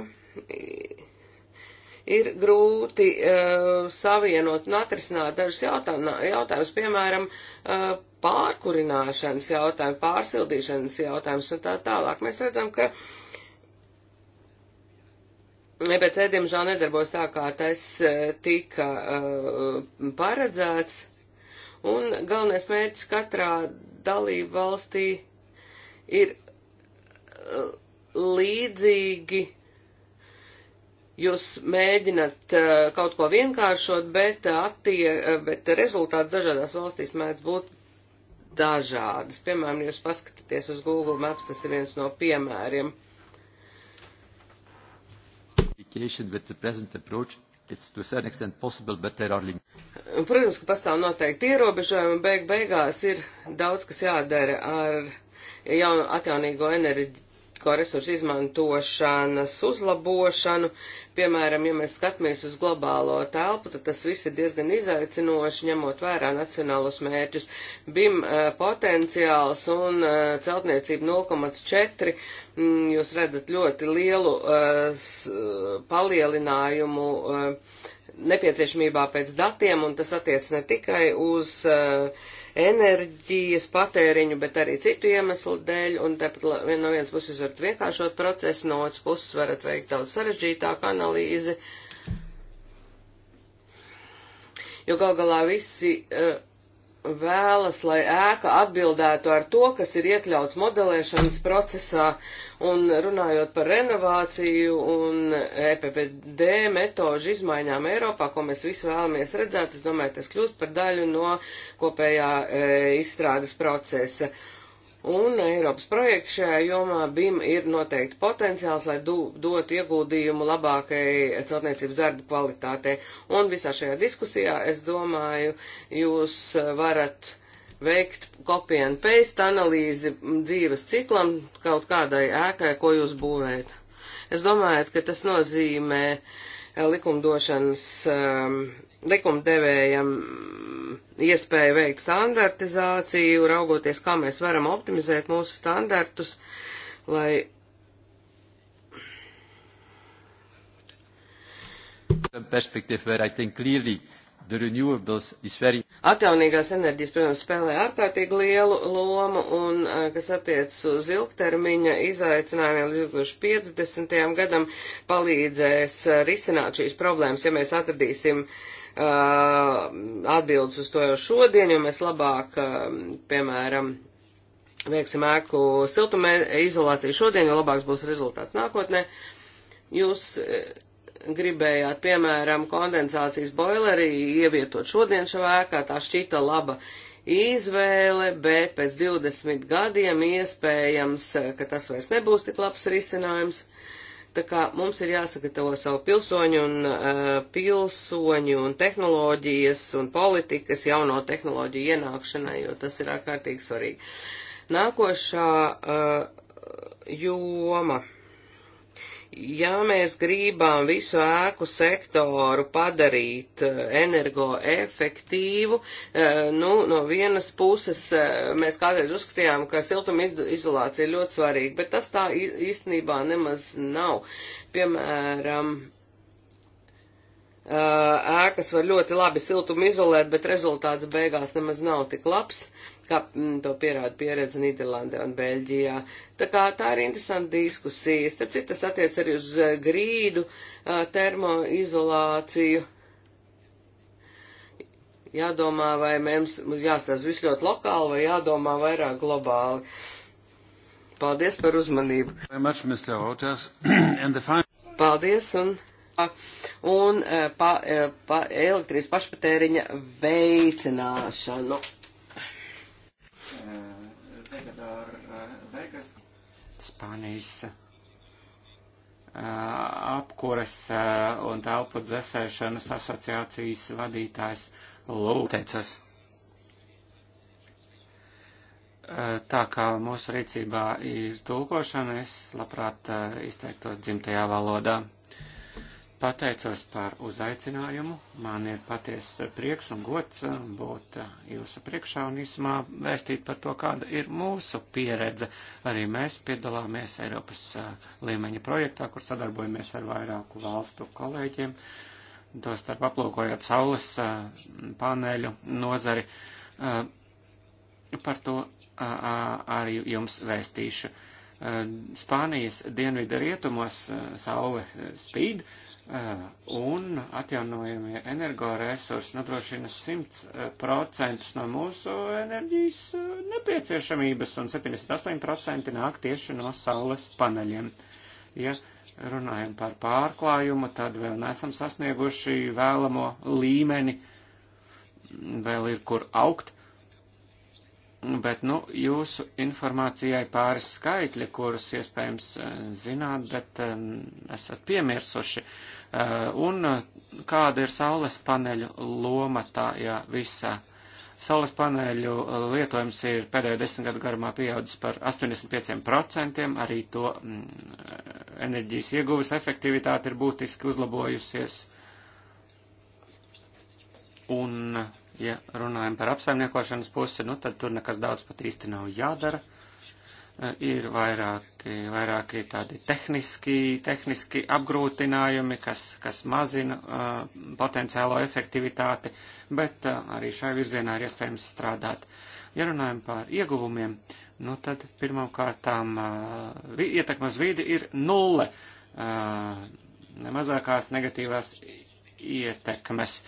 ir grūti uh, savienot un atrisināt dažus jautājumus, piemēram, uh, pārkurināšanas jautājumu, pārsildīšanas jautājumus un tā tālāk. Mēs redzam, ka uh, EBC, diemžēl, nedarbos tā, kā tas e, tika uh, paredzēts, un galvenais mērķis katrā dalību valstī ir uh, līdzīgi jūs mēģināt uh, kaut ko vienkāršot, bet, attie, uh, bet rezultāti dažādās valstīs mēdz būt dažādas. Piemēram, jūs paskatāties uz Google Maps, tas ir viens no piemēriem application with the present approach it's to a certain extent possible, but there are limits. Protams, ka pastāv noteikti ierobežojumi, beig beigās ir daudz, kas jādara ar jaunu atjaunīgo enerģiju enerģētisko resursu izmantošanas uzlabošanu. Piemēram, ja mēs skatāmies uz globālo telpu, tad tas viss ir diezgan izaicinoši, ņemot vērā nacionālos mērķus. BIM eh, potenciāls un eh, celtniecība 0,4. Mm, jūs redzat ļoti lielu eh, palielinājumu nepieciešamībā pēc datiem, un tas attiec ne tikai uz uh, enerģijas patēriņu, bet arī citu iemeslu dēļ, un tāpat no vienas puses varat vienkāršot procesu, no otras puses varat veikt daudz sarežģītāku analīzi, jo gal galā visi uh, vēlas, lai ēka atbildētu ar to, kas ir iekļauts modelēšanas procesā, un runājot par renovāciju un EPPD metožu izmaiņām Eiropā, ko mēs visi vēlamies redzēt, es domāju, tas kļūst par daļu no kopējā e, izstrādes procesa. E, Un Eiropas projekts šajā jomā BIM ir noteikti potenciāls, lai do, dotu ieguldījumu labākai celtniecības darba kvalitātei. Un visā šajā diskusijā, es domāju, jūs varat veikt copy and paste analīzi dzīves ciklam kaut kādai ēkai, ko jūs būvējat. Es domāju, ka tas nozīmē eh, likumdošanas um, likumdevējam iespēju veikt standartizāciju, raugoties, kā mēs varam optimizēt mūsu standartus, lai. Very... Atjaunīgās enerģijas, protams, spēlē ārkārtīgi lielu lomu, un eh, kas attiecas uz ilgtermiņa izaicinājumiem līdz 2050. gadam, palīdzēs eh, risināt šīs problēmas, ja mēs atradīsim uh, Uh, atbildes uz to jau šodien, jo mēs labāk, um, piemēram, veiksim ēku siltumē izolāciju šodien, jo labāks būs rezultāts nākotnē. Jūs uh, gribējāt, piemēram, kondensācijas boilerī ievietot šodien šajā ēkā, tā šķita laba izvēle, bet pēc 20 gadiem iespējams, uh, ka tas vairs nebūs tik labs risinājums. Uh, Tā kā mums ir jāsagatavo savu pilsoņu un uh, pilsoņu un tehnoloģijas un politikas jauno tehnoloģiju ienākšanai, jo tas ir ārkārtīgi svarīgi. Nākošā uh, joma. Ja mēs gribam visu ēku sektoru padarīt eh, energoefektīvu, eh, nu, no vienas puses eh, mēs kādreiz uzskatījām, ka siltuma izolācija ir ļoti svarīga, bet tas tā īstenībā nemaz nav. Piemēram, ēkas var ļoti labi siltumu izolēt, bet rezultāts beigās nemaz nav tik labs kā mm, to pierāda pieredze Nīderlandē un Beļģijā. Tā kā tā ir interesanta diskusija. Starp citu, tas attiec arī uz eh, grīdu eh, termoizolāciju. Jādomā, vai mums jāstāsta viss ļoti lokāli, vai jādomā vairāk globāli. Paldies par uzmanību. <clears throat> Paldies un un eh, pa, pa, elektrības pašpatēriņa veicināšanu. Eh, Spānijas eh, apkures eh, un telpu dzēsēšanas asociācijas vadītājs Lūteicas. Tā kā mūsu rīcībā ir tulkošana, es labprāt izteiktos dzimtajā valodā. Pateicos par uzaicinājumu. Man ir patiesa prieks un gods eh, būt eh, jūsu priekšā un īsumā vēstīt par to, kāda ir mūsu pieredze. Arī mēs piedalāmies Eiropas eh, līmeņa projektā, kur sadarbojamies ar vairāku valstu kolēģiem, tostarp aplūkojot saules paneļu nozari. Par to arī jums vēstīšu. Spānijas dienvidu rietumos saule spīd, Uh, un atjaunojamie energoresursi nodrošina 100% uh, no mūsu enerģijas uh, nepieciešamības un 78% nāk tieši no saules paneļiem. Ja runājam par pārklājumu, tad vēl nesam sasnieguši vēlamo līmeni, vēl ir kur augt. Bet, nu, jūsu informācijai pāris skaitļi, kurus iespējams zināt, bet um, esat piemirsuši. Uh, Eh, un eh, kāda ir saules paneļu loma tajā visā? Saules paneļu eh, lietojums ir pēdējo desmit gadu garumā pieaudzis par 85%, arī to mm, enerģijas ieguves efektivitāte ir būtiski uzlabojusies. Un, ja runājam par apsaimniekošanas pusi, nu tad tur nekas daudz pat īsti nav jādara. Eh, ir vairāki, vairāki tādi tehniski, tehniski apgrūtinājumi, kas, kas mazina uh, potenciālo efektivitāti, bet uh, arī šai virzienā ir iespējams strādāt. Ja runājam par ieguvumiem, nu tad pirmām kārtām uh, ietekmas vīdi ir nulle, uh, nemazākās negatīvās ietekmes.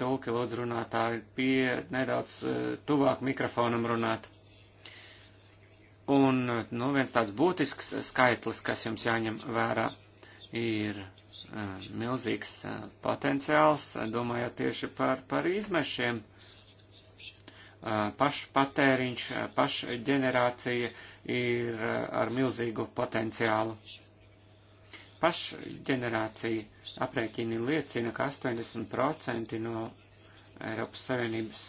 Tulki lūdzu runātāji pie nedaudz uh, tuvāk mikrofonam runāt. Un nu, viens tāds būtisks skaitlis, kas jums jāņem vērā, ir uh, milzīgs uh, potenciāls, domājot tieši par, par izmešiem. Uh, pašpatēriņš, pašģenerācija ir ar milzīgu potenciālu. Pašģenerācija aprēķini liecina, ka 80% no Eiropas Savienības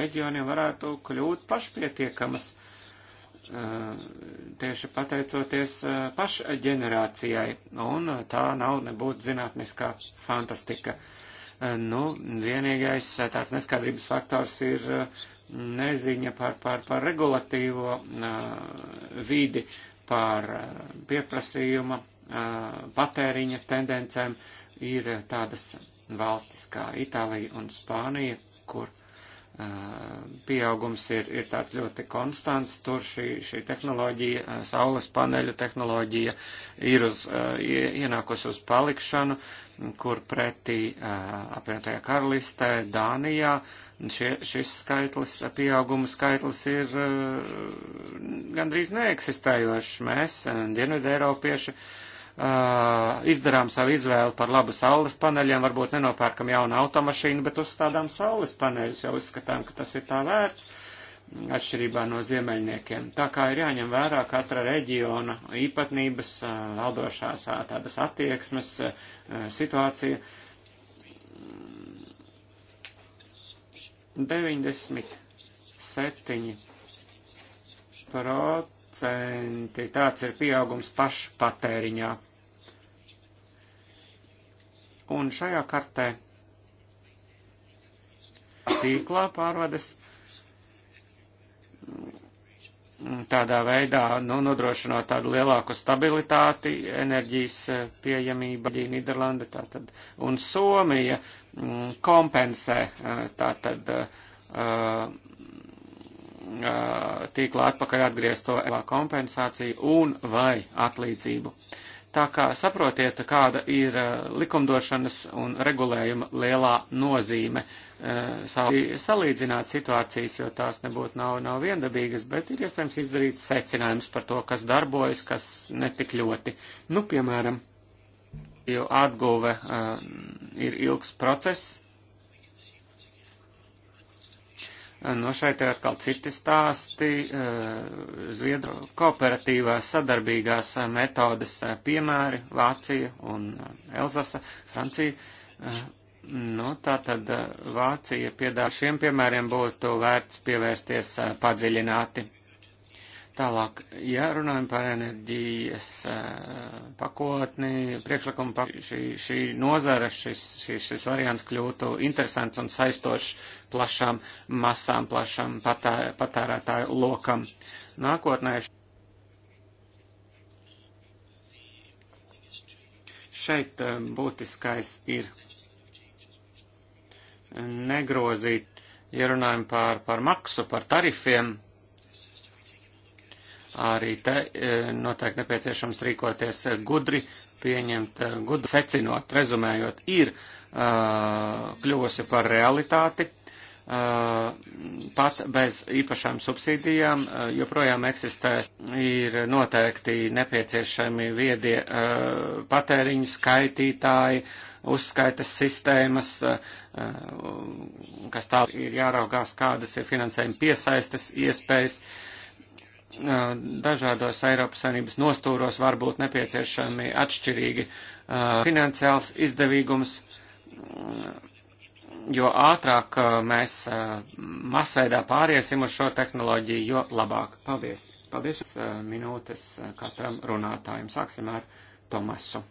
reģioniem varētu kļūt pašpietiekamas. Uh, Eh, tieši pateicoties eh, pašģenerācijai, un eh, tā nav nebūtu zinātniskā fantastika. Nu, vienīgais tāds neskaidrības faktors ir neziņa par, par, par regulatīvo vidi, par pieprasījuma, patēriņa tendencēm. Ir tādas valstis kā Itālija un Spānija, kur uh, Eh, pieaugums ir, ir tāds ļoti konstants. Tur šī, šī tehnoloģija, eh, saules paneļu tehnoloģija ir uz, eh, ienākusi uz palikšanu, kur pretī apvienotajā karalistē, Dānijā šie, šis skaitlis, pieauguma skaitlis ir gandrīz neeksistējošs. Mēs, Dienvidu Eiropieši, Uh, izdarām savu izvēli par labu saules paneļiem, varbūt nenopērkam jaunu automašīnu, bet uzstādām saules paneļus, jau uzskatām, ka tas ir tā vērts, mm, atšķirībā no ziemeļniekiem. Tā kā ir jāņem vērā katra reģiona īpatnības, uh, valdošās uh, tādas attieksmes, situācija. 97 procenti. Tāds ir pieaugums pašpatēriņā. Un šajā kartē tīklā pārvades tādā veidā nu, nodrošinot tādu lielāku stabilitāti, enerģijas eh, pieejamība, Nīderlanda tātad, un Somija m, mm, kompensē eh, tātad eh, tīklā atpakaļ atgriezto kompensāciju un vai atlīdzību. Uh, Tā kā saprotiet, kāda ir eh, likumdošanas un regulējuma lielā nozīme. Eh, salīdzināt situācijas, jo tās nebūtu nav, nav viendabīgas, bet ir iespējams izdarīt secinājums par to, kas darbojas, kas netik ļoti. Nu, piemēram, jo atguve uh, ir ilgs process Nu, šeit ir atkal citi stāsti. Eh, Zviedru kooperatīvās sadarbīgās eh, metodes eh, piemēri - Vācija un Elzasa, Francija. Nu, tā tad Vācija piedāvā šiem piemēriem būtu vērts pievērsties padziļināti. Tālāk, ja runājam par enerģijas eh, pakotni, priekšlikumu pak šī, šī nozara, šis, šis, šis variants kļūtu interesants un saistošs plašām masām, plašām patā, patērētāju lokam. Nākotnē šeit eh, būtiskais ir negrozīt, ja runājam par, par maksu, par tarifiem Arī te e, noteikti nepieciešams rīkoties gudri, pieņemt e, gudri, secinot, rezumējot, ir e, kļuvusi par realitāti. Pat bez īpašām subsīdijām joprojām eksistē, ir noteikti nepieciešami viedie patēriņu skaitītāji, uzskaitas sistēmas, kas tālāk ir jāraugās, kādas ir finansējuma piesaistes iespējas. Uh, dažādos Eiropas Savienības nostūros var būt nepieciešami atšķirīgi finansiāls izdevīgums, jo ātrāk mēs masveidā pāriesim uz šo tehnoloģiju, jo labāk. Paldies! Paldies! Minūtes katram runātājam. Sāksim ar Tomasu.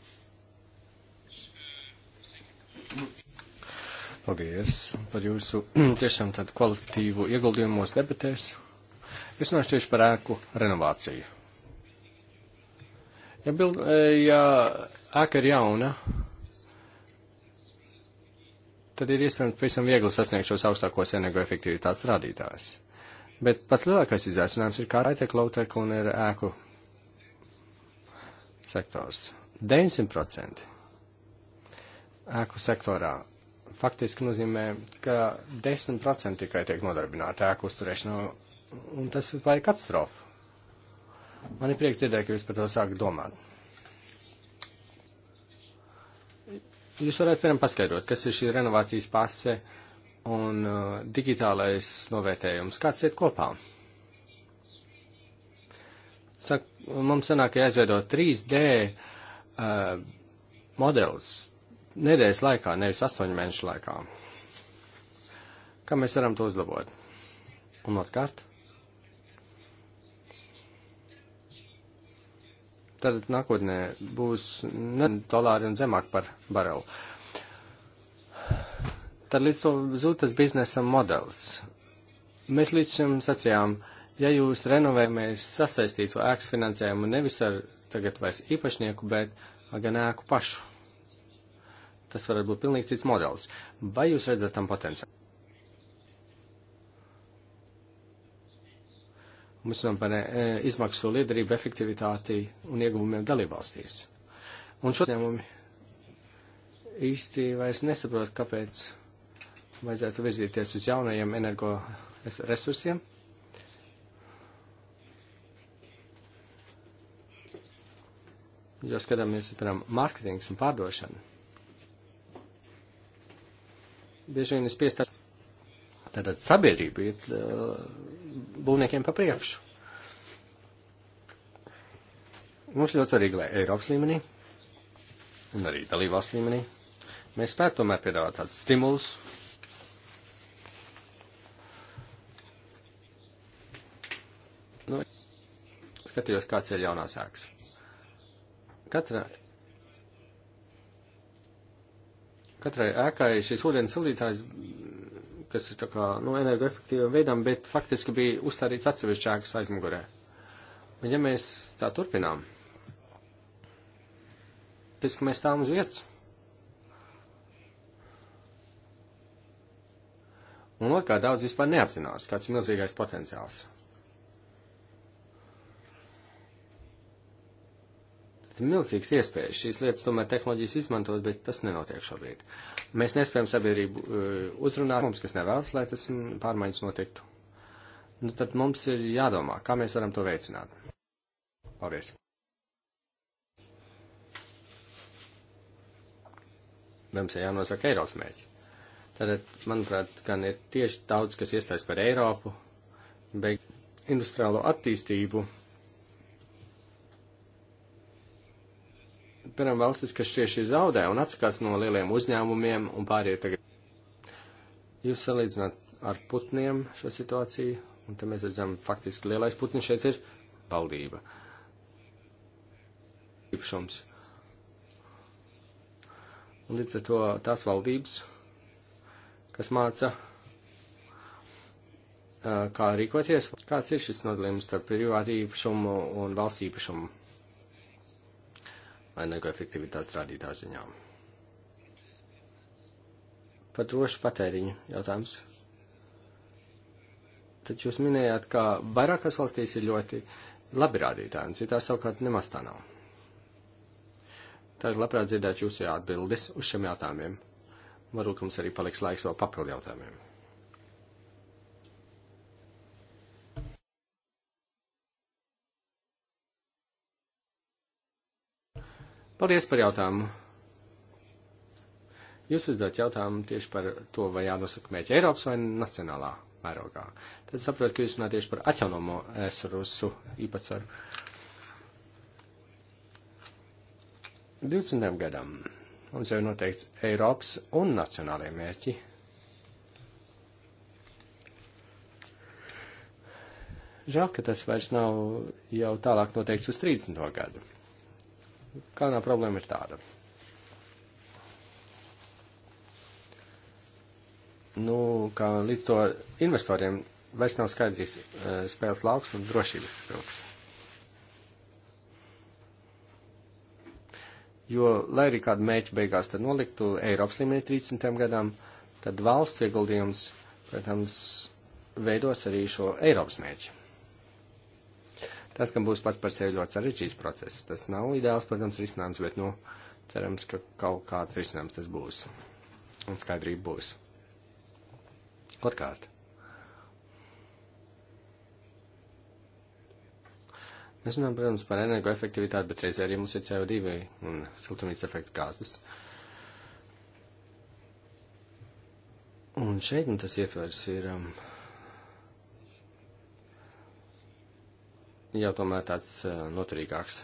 Paldies par jūsu <clears throat> tiešām tādu kvalitīvu ieguldījumos debatēs. Es nošķiršu par ēku renovāciju. Ja, bild, ja ēka ir jauna, tad ir iespējams pavisam viegli sasniegt šos augstākos energoefektivitātes rādītājus. Bet pats lielākais izaicinājums ir kā raiteklautek un ir ēku sektors. 900% ēku sektorā faktiski nozīmē, ka 10% tikai tiek nodarbināta ēku uzturēšana un tas vai katastrofa. Man ir prieks dzirdēt, ka jūs par to sākat domāt. Jūs varētu, piemēram, paskaidrot, kas ir šī renovācijas pase un uh, digitālais novērtējums. Kāds iet kopā? Saka, mums sanāk jāizveido 3D uh, modelis nedēļas laikā, nevis 8 mēnešu laikā. Kā mēs varam to uzlabot? Un otrkārt? tad nākotnē būs ne dolāri un zemāk par barelu. Tad līdz to zūd tas biznesa modelis. Mēs līdz šim sacījām, ja jūs renovējamies sasaistītu ēkas finansējumu nevis ar tagad vairs īpašnieku, bet gan ēku pašu. Tas varētu būt pilnīgi cits modelis. Vai jūs redzat tam potenciālu? Mums runā par eh, izmaksu liederību, efektivitāti un ieguvumiem dalībvalstīs. Un šos uzņēmumi īsti vairs nesaprot, kāpēc vajadzētu virzīties uz jaunajiem energo resursiem. Jo skatāmies, piemēram, mārketings un pārdošana. Bieži vien es piestāstu. Tātad sabiedrība iet uh, būvniekiem pa priekšu. Mums ļoti svarīgi, lai Eiropas līmenī un arī dalībās līmenī mēs spētu tomēr piedāvāt tādus stimulus. Nu, skatījos, kāds ir jaunās ēkas. Katra katrai ēkai šis ūdens sildītājs kas ir tā kā, nu, energoefektīviem veidam, bet faktiski bija uzstādīts atsevišķākas aizmugurē. Un ja mēs tā turpinām, tas, ka mēs stāvam uz vietas, un otrkārt daudz vispār neapzinās, kāds ir milzīgais potenciāls. milzīgs iespējas šīs lietas tomēr tehnoloģijas izmantot, bet tas nenotiek šobrīd. Mēs nespējam sabiedrību eh, uzrunāt mums, kas nevēlas, lai tas mm, pārmaiņas notiktu. Nu, tad mums ir jādomā, kā mēs varam to veicināt. Paldies! Mums ir jānosaka Eiropas mērķi. Tātad, manuprāt, gan ir tieši daudz, kas iestājas par Eiropu, bet industriālo attīstību piemēram, valstis, kas tieši zaudē un atsakās no lieliem uzņēmumiem un pāriet tagad. Jūs salīdzināt ar putniem šo situāciju, un te mēs redzam, faktiski lielais putni šeit ir valdība. Īpašums. Un līdz ar to tās valdības, kas māca, kā rīkoties, kāds ir šis nodalījums starp privātu īpašumu un valsts īpašumu energoefektivitātes rādītā ziņā. Par drošu patēriņu jautājums. Taču jūs minējāt, ka vairākās valstīs ir ļoti labi rādītāji, un citās savukārt nemaz tā nav. Tātad labprāt dzirdēt jūsu atbildes uz šiem jautājumiem. Varbūt mums arī paliks laiks vēl papildu jautājumiem. Paldies par jautājumu. Jūs uzdot jautājumu tieši par to, vai jānosaka mērķi Eiropas vai nacionālā mērogā. Tad saprotu, ka jūs runājat tieši par atjaunomo resursu īpatsvaru. 20. gadam mums jau ir noteikts Eiropas un nacionālajie mērķi. Žēl, ka tas vairs nav jau tālāk noteikts uz 30. gadu. Galvenā problēma ir tāda. Nu, kā līdz to investoriem vairs nav skaidrs eh, spēles lauks un drošības spēles. Jo, lai arī kādu mērķu beigās tad noliktu Eiropas līmenī 30. gadam, tad valsts ieguldījums, protams, veidos arī šo Eiropas mērķi. Tas, ka būs pats par sevi ļoti sarežģīts process, tas nav ideāls, protams, risinājums, bet, nu, cerams, ka kaut kāds risinājums tas būs. Un skaidrība būs. Otkārt. Mēs runājam, protams, par energoefektivitāti, bet reizē arī mums ir CO2 un siltumnīca efekta gāzes. Un šeit, nu, tas ietvers ir um, jau tomēr tāds e, noturīgāks.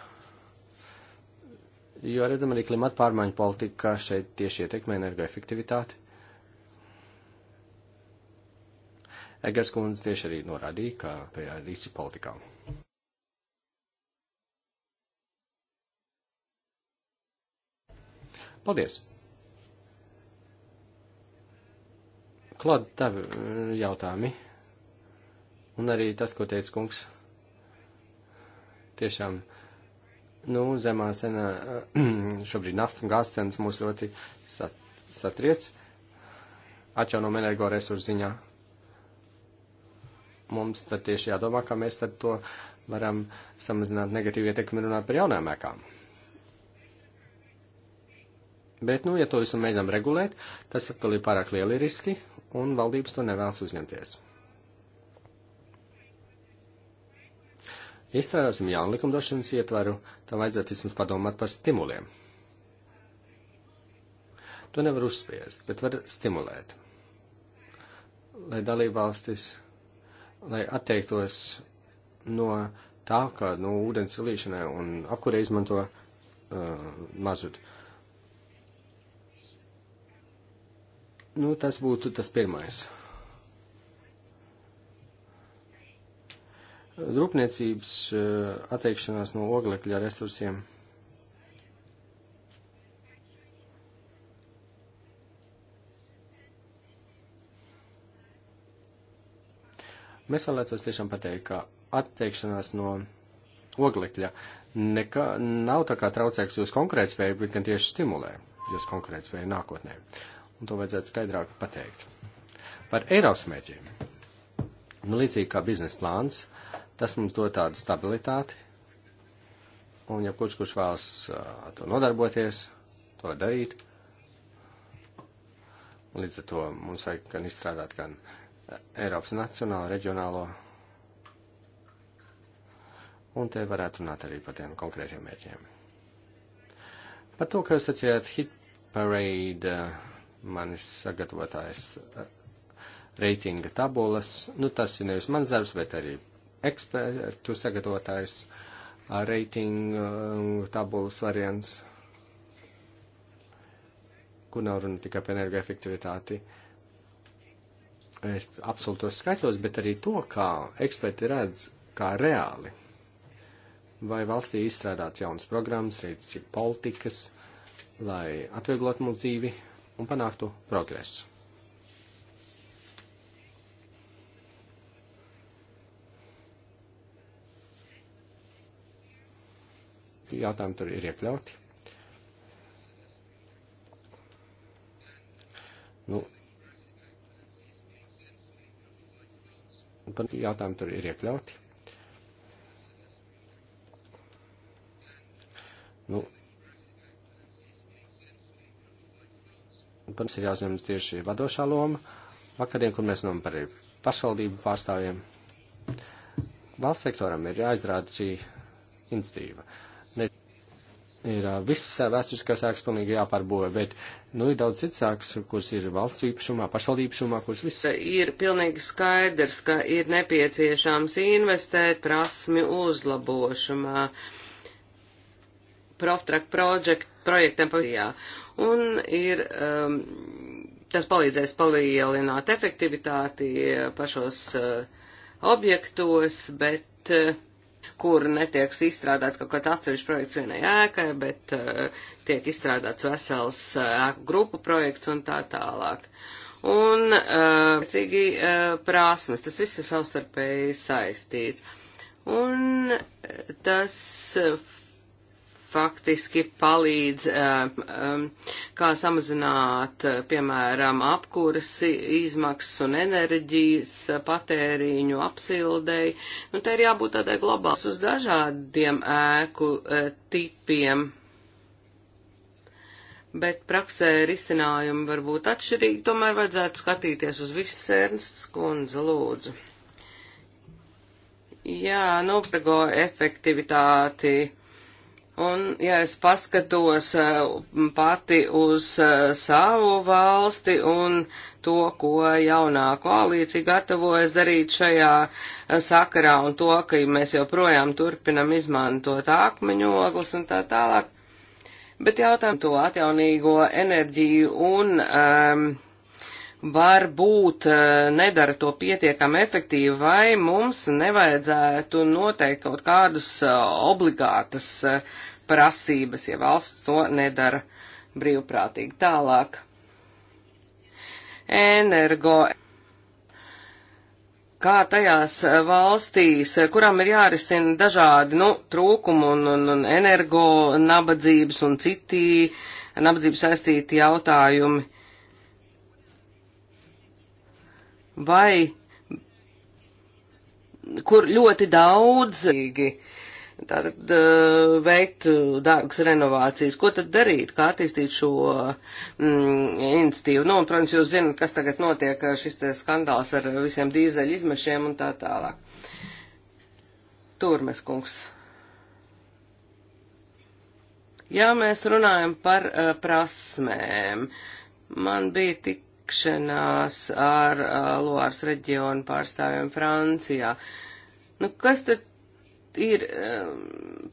Jo redzam arī klimata pārmaiņu politika šeit tieši ietekmē energoefektivitāti. Egers kundze tieši arī norādīja, ka pie rīci politikām. Paldies! Klāt, tavi e, jautājumi. Un arī tas, ko teica kungs tiešām, nu, zemā cenā, <clears throat> šobrīd naftas un gāzes cenas mūs ļoti sat, satriec atjaunojumu energoresursu ziņā. Mums tad tieši jādomā, kā mēs tad to varam samazināt negatīvu ietekmi runāt par jaunām ēkām. Bet, nu, ja to visu mēģinām regulēt, tas atkal ir pārāk lieli riski, un valdības to nevēlas uzņemties. Izstrādāsim jaunu likumdošanas ietvaru, tam vajadzētu vismaz padomāt par stimuliem. To nevar uzspiest, bet var stimulēt. Lai dalībvalstis, lai atteiktos no tā, ka no nu, ūdens silīšanai un apkurē izmanto uh, mazudu. Nu, tas būtu tas pirmais. rūpniecības eh, atteikšanās no oglekļa resursiem. Mēs vēlētos tiešām pateikt, ka atteikšanās no oglekļa nekā, nav tā kā traucēks jūs konkurētspēju, bet gan tieši stimulē jūs konkurētspēju nākotnē. Un to vajadzētu skaidrāk pateikt. Par Eiropas mērķiem. Nu, līdzīgi kā biznesa plāns, uh, Tas mums dod tādu stabilitāti, un ja kurš, kurš vēlas uh, to nodarboties, to darīt, un līdz ar to mums vajag gan izstrādāt gan Eiropas nacionālo, reģionālo, un te varētu runāt arī par tiem konkrētiem mērķiem. Par to, ka jūs sacījāt hit parade, manis sagatavotājs reitinga tabulas, nu tas ir nevis mans darbs, bet arī ekspertu sagatavotājs reitingu tabulas variants, kur nav runa tikai par energoefektivitāti. Es absolūtos skaitļos, bet arī to, kā eksperti redz, kā reāli. Vai valstī izstrādāts jaunas programmas, rīcība politikas, lai atvieglotu mūsu dzīvi un panāktu progresu. jautājumi tur ir iekļauti. Nu, gan jautājumi tur ir iekļauti. Nu, gan ir jāuzņemas tieši vadošā loma. Vakardien, kur mēs runājam par pašvaldību pārstāvjiem, valsts sektoram ir jāizrāda šī institīva. Uh, ir visas vēsturiskās ēkas pilnīgi jāpārboja, bet, nu, ir daudz citas ēkas, kuras ir valsts īpašumā, pašvaldīpašumā, kuras viss. Ir pilnīgi skaidrs, ka ir nepieciešams investēt prasmi uzlabošanā. Proftrak projektam pavijā. Un ir, um, tas palīdzēs palielināt efektivitāti pašos uh, objektos, bet. Uh, kur netiek izstrādāts kaut kāds atsevišķs projekts vienai ēkai, bet uh, tiek izstrādāts vesels eh, ēku uh, grupu projekts un tā tālāk. Un, uh, cīgi, uh, prāsmes, tas viss ir savstarpēji saistīts. Un tas faktiski palīdz eh, eh, kā samazināt, eh, piemēram, apkūras izmaksas un enerģijas patēriņu apsildei. Nu, te ir jābūt tādai globāls uz dažādiem ēku tipiem. Bet praksē risinājumi var būt atšķirīgi, tomēr vajadzētu skatīties uz visu sērnsts kundze, lūdzu. Jā, noprego nu, efektivitāti Un, ja es paskatos eh, pati uz eh, savu valsti un to, ko jaunā koalīcija gatavojas darīt šajā eh, sakarā un to, ka mēs joprojām turpinam izmantot akmeņoglis un tā tālāk, bet jautājam to atjaunīgo enerģiju un um, varbūt eh, nedara to pietiekami efektīvi, vai mums nevajadzētu noteikt kaut kādus eh, obligātas eh, prasības, ja valsts to nedara brīvprātīgi. Tālāk. Energo. Kā tajās valstīs, kurām ir jārisina dažādi, nu, trūkumi un, un, un energo, nabadzības un citi nabadzības saistīti jautājumi, uh, vai kur ļoti daudzīgi tātad eh, veikt dārgas renovācijas. Ko tad darīt, kā attīstīt šo mm, iniciatīvu? Nu, un, protams, jūs zinat, kas tagad notiek, eh, šis te skandāls ar visiem dīzeļu izmešiem un tā tālāk. Turmes kungs. Ja mēs runājam par uh, prasmēm, man bija tik tikšanās ar uh, Loārs reģionu pārstāvjiem Francijā. Nu, kas tad ir um,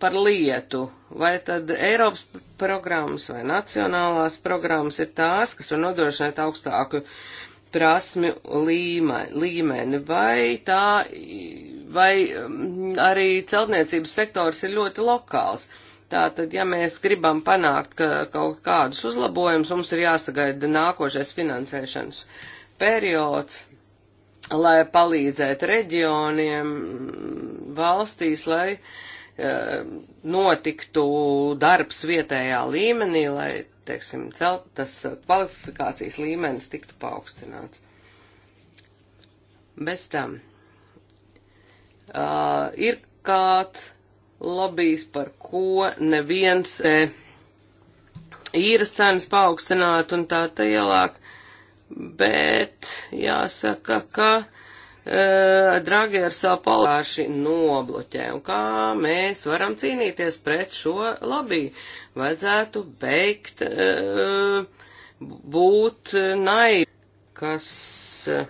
par lietu, vai tad Eiropas programmas vai nacionālās programmas ir tās, kas var nodrošināt augstāku prasmi līmeni, vai tā, vai um, arī celtniecības sektors ir ļoti lokāls. Uh, Tātad, ja mēs gribam panākt ka, kaut kādus uzlabojumus, mums ir jāsagaida nākošais finansēšanas periods, lai palīdzētu reģioniem valstīs, lai uh, notiktu darbs vietējā līmenī, lai, teiksim, cel, tas kvalifikācijas līmenis tiktu paaugstināts. Bez tam uh, ir kāds lobijas, par ko neviens e, īras cenas paaugstināt un tā tālāk. Bet jāsaka, ka e, Dragi ar savu palāši nobloķē. Un kā mēs varam cīnīties pret šo lobiju? Vajadzētu beigt e, būt naivi, kas e,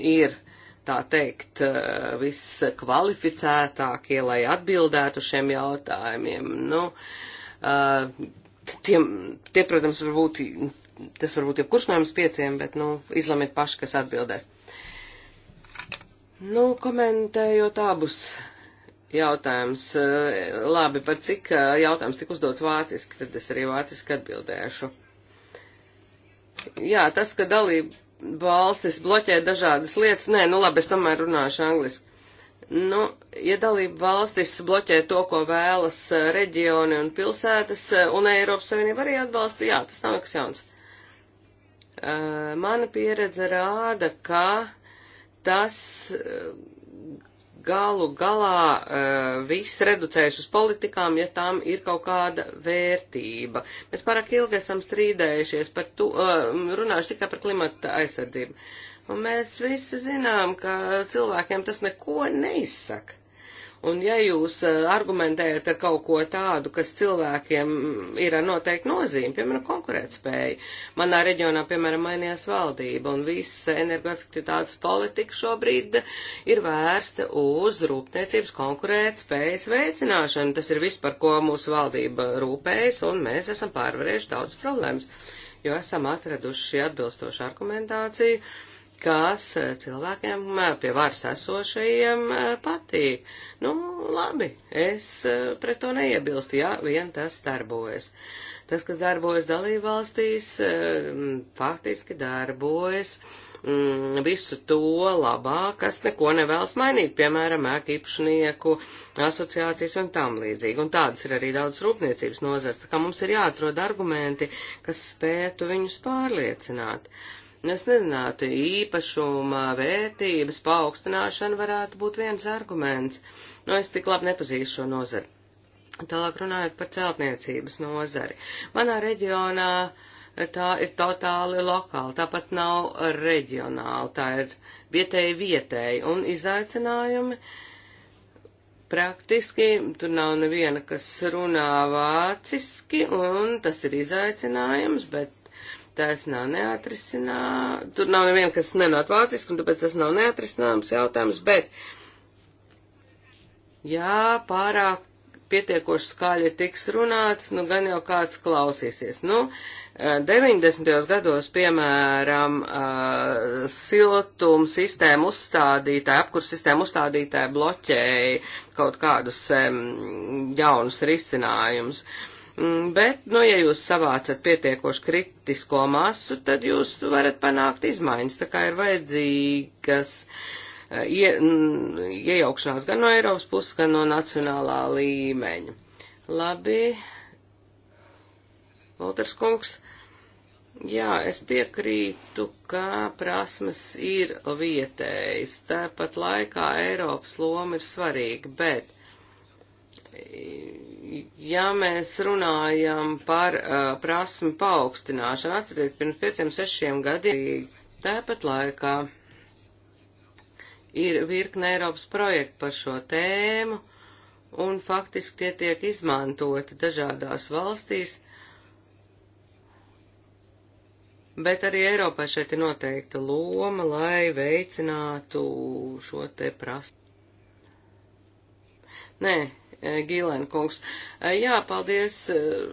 ir tā teikt, eh, viskvalificētākie, lai atbildētu šiem jautājumiem. Nu, eh, tie, tie, protams, varbūt, tas varbūt jebkurš no jums pieciem, bet, nu, izlemiet paši, kas atbildēs. Nu, komentējot abus jautājumus, eh, labi, par cik jautājums tika uzdots vāciski, tad es arī vāciski atbildēšu. Jā, tas, ka dalība valstis bloķē dažādas lietas. Nē, nu labi, es tomēr runāšu angliski. Nu, ja dalība valstis bloķē to, ko vēlas eh, reģioni un pilsētas, eh, un Eiropas Savienība arī atbalsta, jā, tas nav nekas jauns. Uh, mana pieredze rāda, ka tas uh, galu galā uh, viss reducējas uz politikām, ja tām ir kaut kāda vērtība. Mēs pārāk ilgi esam strīdējušies par to, uh, runājuši tikai par klimata aizsardzību. Un mēs visi zinām, ka cilvēkiem tas neko neizsaka. Un ja jūs eh, argumentējat ar kaut ko tādu, kas cilvēkiem ir ar noteikti nozīmi, piemēram, konkurētspēju, manā reģionā, piemēram, mainījās valdība un viss energoefektivitātes politika šobrīd ir vērsta uz rūpniecības konkurētspējas veicināšanu. Tas ir viss, par ko mūsu valdība rūpējas, un mēs esam pārvarējuši daudz problēmas, jo esam atraduši atbilstošu argumentāciju kas eh, cilvēkiem eh, pie varas esošajiem eh, patīk. Nu, labi, es pret to neiebilstu, ja vien tas darbojas. Tas, kas darbojas dalībvalstīs, faktiski darbojas mm, visu to labā, kas neko nevēlas mainīt, piemēram, ēku īpašnieku asociācijas un tam līdzīgi. Un tādas ir arī daudz rūpniecības nozars, tā kā mums ir jāatrod argumenti, kas spētu viņus pārliecināt. Uh, Es nezinātu, īpašuma vērtības paaugstināšana varētu būt viens arguments. Nu, es tik labi nepazīstu šo nozari. Tālāk runājot par celtniecības nozari. Manā reģionā tā ir totāli lokāli, tāpat nav reģionāli, tā ir vietēji vietēji un izaicinājumi. Praktiski tur nav neviena, kas runā vāciski, un tas ir izaicinājums, bet Tas nav neatrisināms, tur nav neviena, kas nenot vāciski, un tāpēc tas nav neatrisināms jautājums, bet, jā, pārāk pietiekoši skaļi tiks runāts, nu gan jau kāds klausīsies. Nu, 90. Eh, gados, piemēram, eh, siltuma sistēma uzstādītāja, apkurs sistēma uzstādītāja bloķēja kaut kādus jaunus risinājumus. Mm, bet, nu, ja jūs savācat pietiekoši kritisko masu, tad jūs varat panākt izmaiņas, tā kā ir vajadzīgas eh, ie, iejaukšanās gan no Eiropas puses, gan no nacionālā līmeņa. Labi, Valters kungs, jā, es piekrītu, ka prasmes ir vietējas, tāpat laikā Eiropas loma ir svarīga, bet ja mēs runājam par uh, prasmu paaugstināšanu, atcerieties, pirms pieciem, sešiem gadiem tāpat laikā ir virkne Eiropas projektu par šo tēmu, un faktiski tie tiek izmantoti dažādās valstīs, bet arī Eiropā šeit ir noteikta loma, lai veicinātu šo te prasmu. Nē, Eh, Gilenkungs. Eh, jā, paldies. Eh,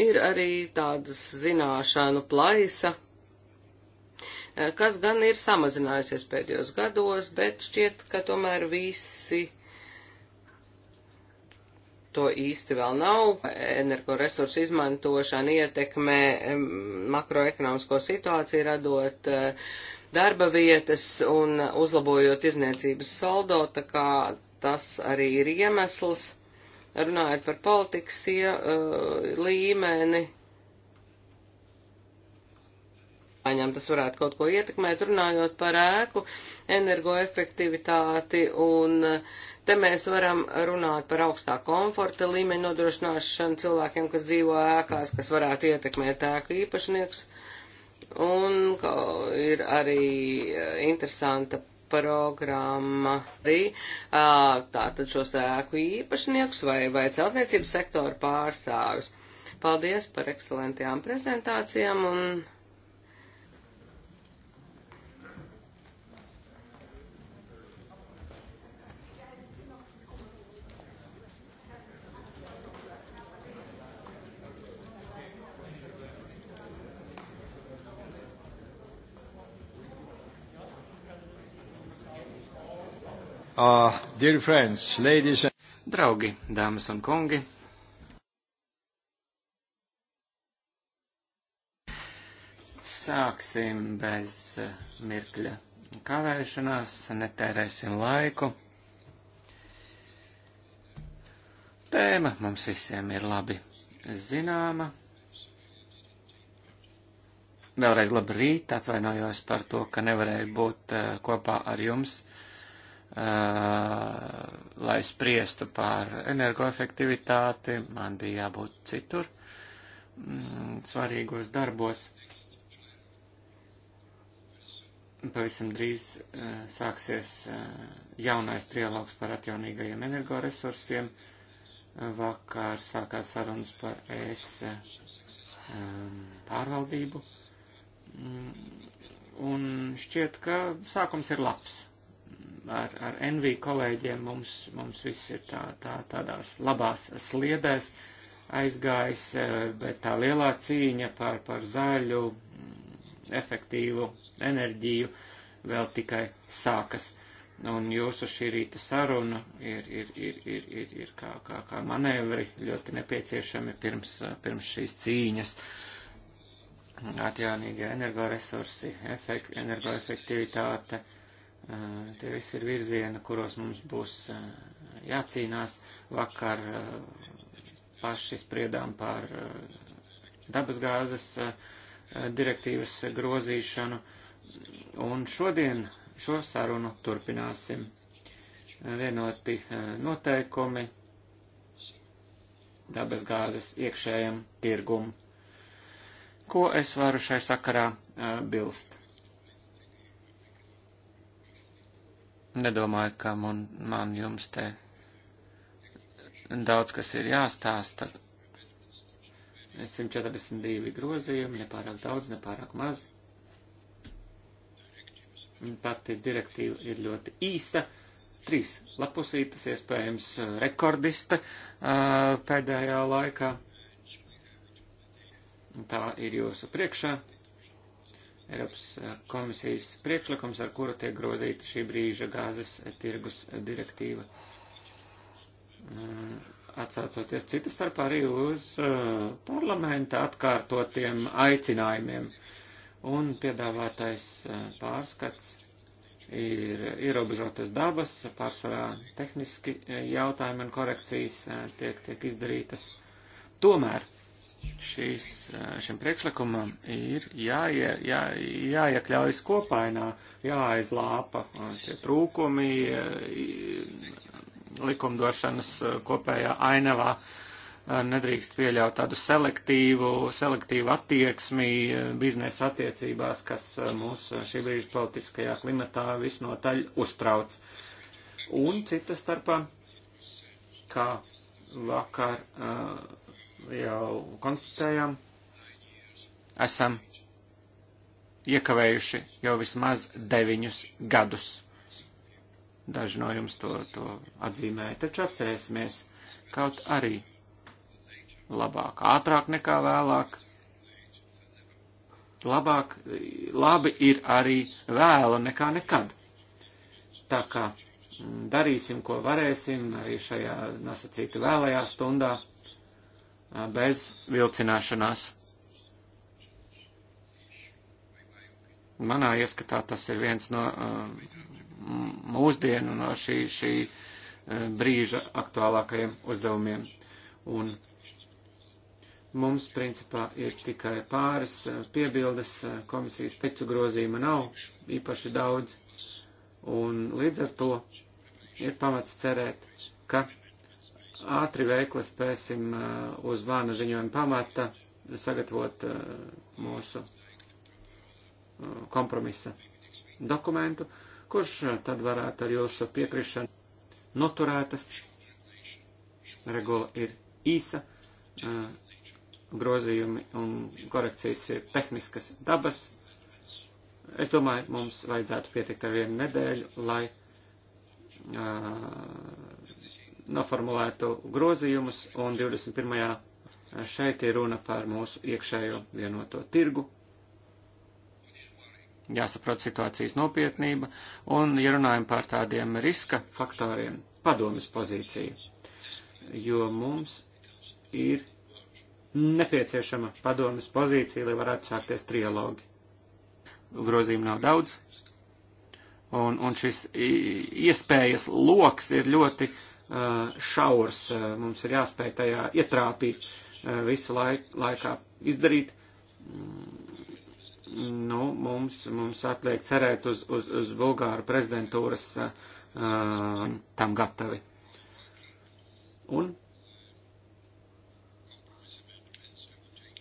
ir arī tādas zināšanu plaisa, kas gan ir samazinājusies pēdējos gados, bet šķiet, ka tomēr visi to īsti vēl nav. Energoresursu izmantošana ietekmē makroekonomisko situāciju, radot darba vietas un uzlabojot izniecības saldo, tā kā tas arī ir iemesls, runājot par politikas ja, uh, līmeni, aņem tas varētu kaut ko ietekmēt, runājot par ēku, energoefektivitāti, un uh, te mēs varam runāt par augstā komforta līmeņa nodrošināšanu cilvēkiem, kas dzīvo ēkās, kas varētu ietekmēt ēku īpašniekus. Un ir arī uh, interesanta programma arī tātad šo sēku īpašniekus vai, vai celtniecības sektoru pārstāvis. Paldies par ekscelentajām prezentācijām un Uh, dear friends, ladies and... Draugi, dāmas un kungi. Sāksim bez uh, mirkļa kavēšanās, netērēsim laiku. Tēma mums visiem ir labi zināma. Vēlreiz labrīt, atvainojos par to, ka nevarēju būt uh, kopā ar jums lai spriestu par energoefektivitāti, man bija jābūt citur mm, svarīgos darbos. Pavisam drīz sāksies jaunais trialogs par atjaunīgajiem energoresursiem. Vakar sākās sarunas par ES pārvaldību. Mm, un šķiet, ka sākums ir labs ar, ar NV kolēģiem mums, mums viss ir tā, tā, tādās labās sliedēs aizgājis, e, bet tā lielā cīņa par, par zaļu, mm, efektīvu enerģiju vēl tikai sākas. Un jūsu šī rīta saruna ir, ir, ir, ir, ir, ir kā, kā, kā manevri ļoti nepieciešami pirms, e, pirms šīs cīņas. Atjaunīgie energoresursi, efekt, energoefektivitāte. Energo Eh, tie visi ir virzieni, kuros mums būs eh, jācīnās. Vakar eh, paši spriedām par dabasgāzes direktīvas grozīšanu, un šodien šo sarunu turpināsim. Vienoti noteikumi dabasgāzes iekšējam tirgum. Ko es varu šai sakarā bilst? Nedomāju, ka man, man jums te daudz kas ir jāstāsta. 142 grozījumi, nepārāk daudz, nepārāk maz. Pati direktīva ir ļoti īsa trīs lapusītes, iespējams, rekordista pēdējā laikā. Tā ir jūsu priekšā. Eiropas eh, komisijas priekšlikums, ar kuru tiek grozīta šī brīža gāzes eh, tirgus eh, direktīva. Mm, Atsācoties citas starpā arī uz parlamenta atkārtotiem aicinājumiem. Un piedāvātais pārskats ir ierobežotas dabas, pārsvarā tehniski jautājumi un korekcijas tiek, tiek izdarītas. Tomēr šīs, eh, šim priekšlikumam ir jāie, jā, jāiekļaujas kopainā, jāaizlāpa eh, tie trūkumi eh, likumdošanas kopējā ainavā. Nedrīkst pieļaut tādu selektīvu, selektīvu attieksmi biznesa attiecībās, kas mūs šī brīža politiskajā klimatā visnotaļ uztrauc. Un cita starpā, kā vakar uh, jau konstatējām, esam iekavējuši jau vismaz deviņus gadus. Daži no jums to, to atzīmēja, taču atcerēsimies kaut arī labāk, ātrāk nekā vēlāk. Labāk, labi ir arī vēlu nekā nekad. Tā kā darīsim, ko varēsim, arī šajā nosacīti vēlajā stundā bez vilcināšanās. Manā ieskatā tas ir viens no mūsdienu, no šī, šī brīža aktuālākajiem uzdevumiem. Un mums, principā, ir tikai pāris piebildes, komisijas pecu grozījuma nav īpaši daudz, un līdz ar to ir pamats cerēt, ka ātri veikli spēsim eh, uz vāna ziņojuma pamata sagatavot eh, mūsu eh, kompromisa dokumentu, kurš tad varētu ar jūsu piekrišanu noturētas. Regula ir īsa, grozījumi un korekcijas ir tehniskas dabas. Es domāju, mums vajadzētu pietikt ar vienu nedēļu, lai noformulētu grozījumus, un 21. šeit ir runa par mūsu iekšējo vienoto tirgu. Jāsaprot situācijas nopietnība, un, ja runājam par tādiem riska faktoriem, padomas pozīciju, jo mums ir nepieciešama padomas pozīcija, lai varētu sākties trialogi. Grozījumu nav daudz, un, un šis iespējas loks ir ļoti uh, Eh, šaurs. Eh, mums ir jāspēj tajā ietrāpīt eh, visu laik, laikā izdarīt. Mm, nu, mums, mums atliek cerēt uz, uz, uz Bulgāru prezidentūras uh, tam gatavi. Un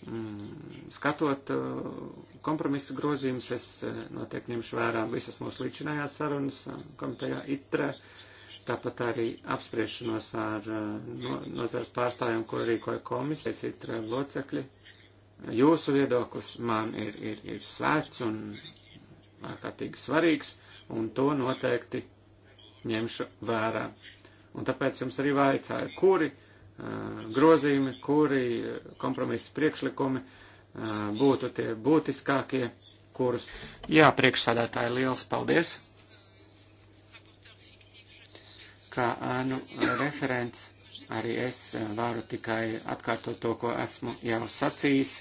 mm, skatot kompromisa grozījumus, es noteikti ņemšu vērā visas mūsu līdzinājās sarunas komitejā ITRE. Uh, tāpat arī apspriešanos ar uh, no, nozars pārstāvjiem, ko rīkoja komisijas itra uh, locekļi. Jūsu viedoklis man ir, ir, ir svēts un ārkārtīgi svarīgs, un to noteikti ņemšu vērā. Un tāpēc jums arī vajadzēja, kuri uh, grozījumi, kuri uh, kompromisa priekšlikumi uh, būtu tie būtiskākie, kurus. Jā, priekšsādātāji, liels paldies! Kā ānu referents arī es varu tikai atkārtot to, ko esmu jau sacījis.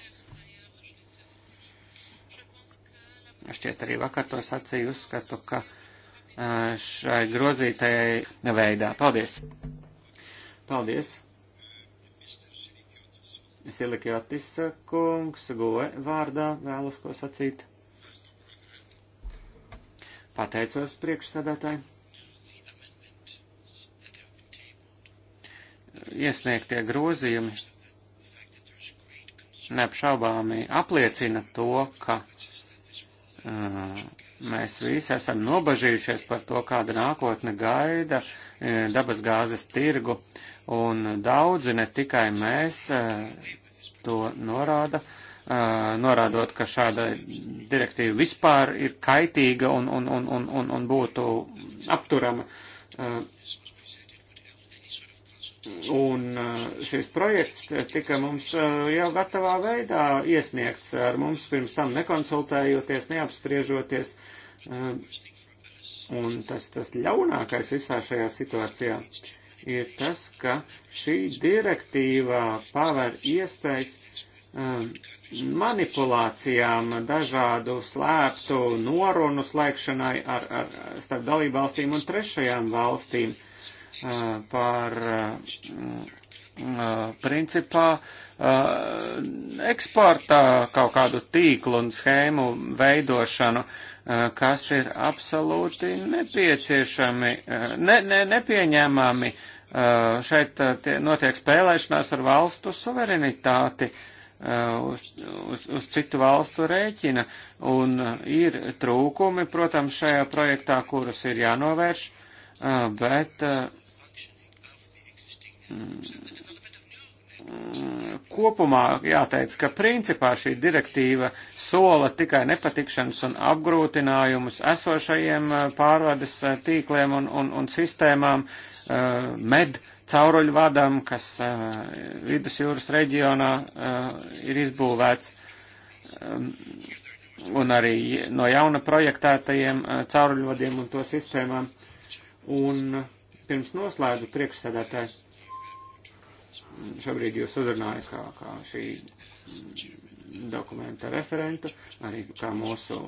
Šķiet arī vakar to sacīju, uzskatu, ka šai grozītajai veidā. Paldies! Paldies! Silikjotis kungs, goe vārdā vēlas ko sacīt. Pateicos priekšsēdētāji. iesniegtie grozījumi neapšaubāmi apliecina to, ka uh, mēs visi esam nobažījušies par to, kāda nākotne gaida uh, dabasgāzes tirgu, un daudzi, ne tikai mēs, uh, to norāda, uh, norādot, ka šāda direktīva vispār ir kaitīga un, un, un, un, un, un būtu apturama. Uh, Un eh, šis projekts tika mums eh, jau gatavā veidā iesniegts ar mums pirms tam nekonsultējoties, neapspriežoties. Eh, un tas, tas ļaunākais visā šajā situācijā ir tas, ka šī direktīva paver iespējas manipulācijām dažādu slēptu norunu slēgšanai ar, ar, starp dalībvalstīm un trešajām valstīm. Uh, Uh, par uh, uh, principā eksportā kaut kādu tīklu un schēmu veidošanu, kas ir absolūti nepieciešami, ne, ne, nepieņēmami. Šeit notiek spēlēšanās ar valstu suverenitāti. Uz, uz, uz citu valstu rēķina, un ir trūkumi, protams, šajā projektā, kurus ir jānovērš, bet uh, Kopumā jāteic, ka principā šī direktīva sola tikai nepatikšanas un apgrūtinājumus esošajiem eh, pārvades eh, tīkliem un, un, un sistēmām eh, med cauruļvadam, kas vidusjūras reģionā ir izbūvēts ehm, un arī no jauna projektētajiem cauruļvadiem un to sistēmām. Un pirms noslēdzu priekšsēdētājs šobrīd jūs uzrunājat kā, kā šī dokumenta referentu, arī kā mūsu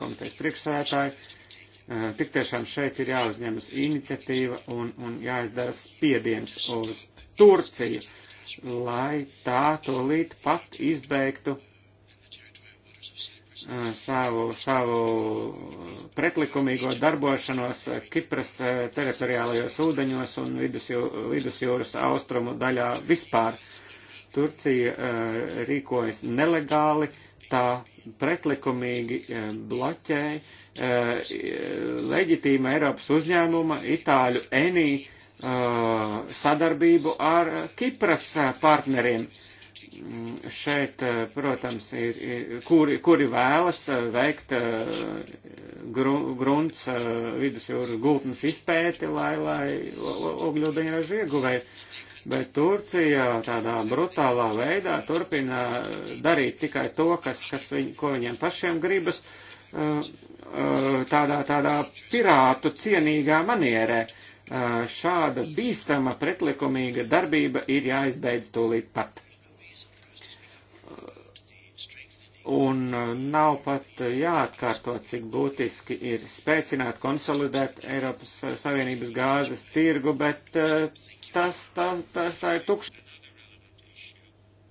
komitejas priekšsētāju. Eh, tik tiešām šeit ir jāuzņemas iniciatīva un, un jāizdara spiediens uz Turciju, lai tā tolīt pat izbeigtu savu, savu pretlikumīgo darbošanos Kipras eh, teritoriālajos ūdeņos un vidusjū, vidusjūras austrumu daļā vispār. Turcija eh, rīkojas nelegāli, tā pretlikumīgi eh, bloķēja leģitīma Eiropas uzņēmuma Itāļu ENI sadarbību ar Kipras partneriem. Uh, šeit, eh, protams, ir, ir kuri, kuri vēlas eh, veikt eh, gru, grunts vidusjūras gultnes izpēti, lai, lai ogļūdeņražu ieguvēja. Bet Turcija tādā brutālā veidā turpina darīt tikai to, kas, kas viņ, ko viņiem pašiem gribas, tādā, tādā pirātu cienīgā manierē. Šāda bīstama pretlikumīga darbība ir jāizbeidz tūlīt pat. Un uh, nav pat jāatkārto, cik būtiski ir spēcināt, konsolidēt Eiropas uh, Savienības gāzes tirgu, bet tas, uh, tas, tas tā ir tukšs.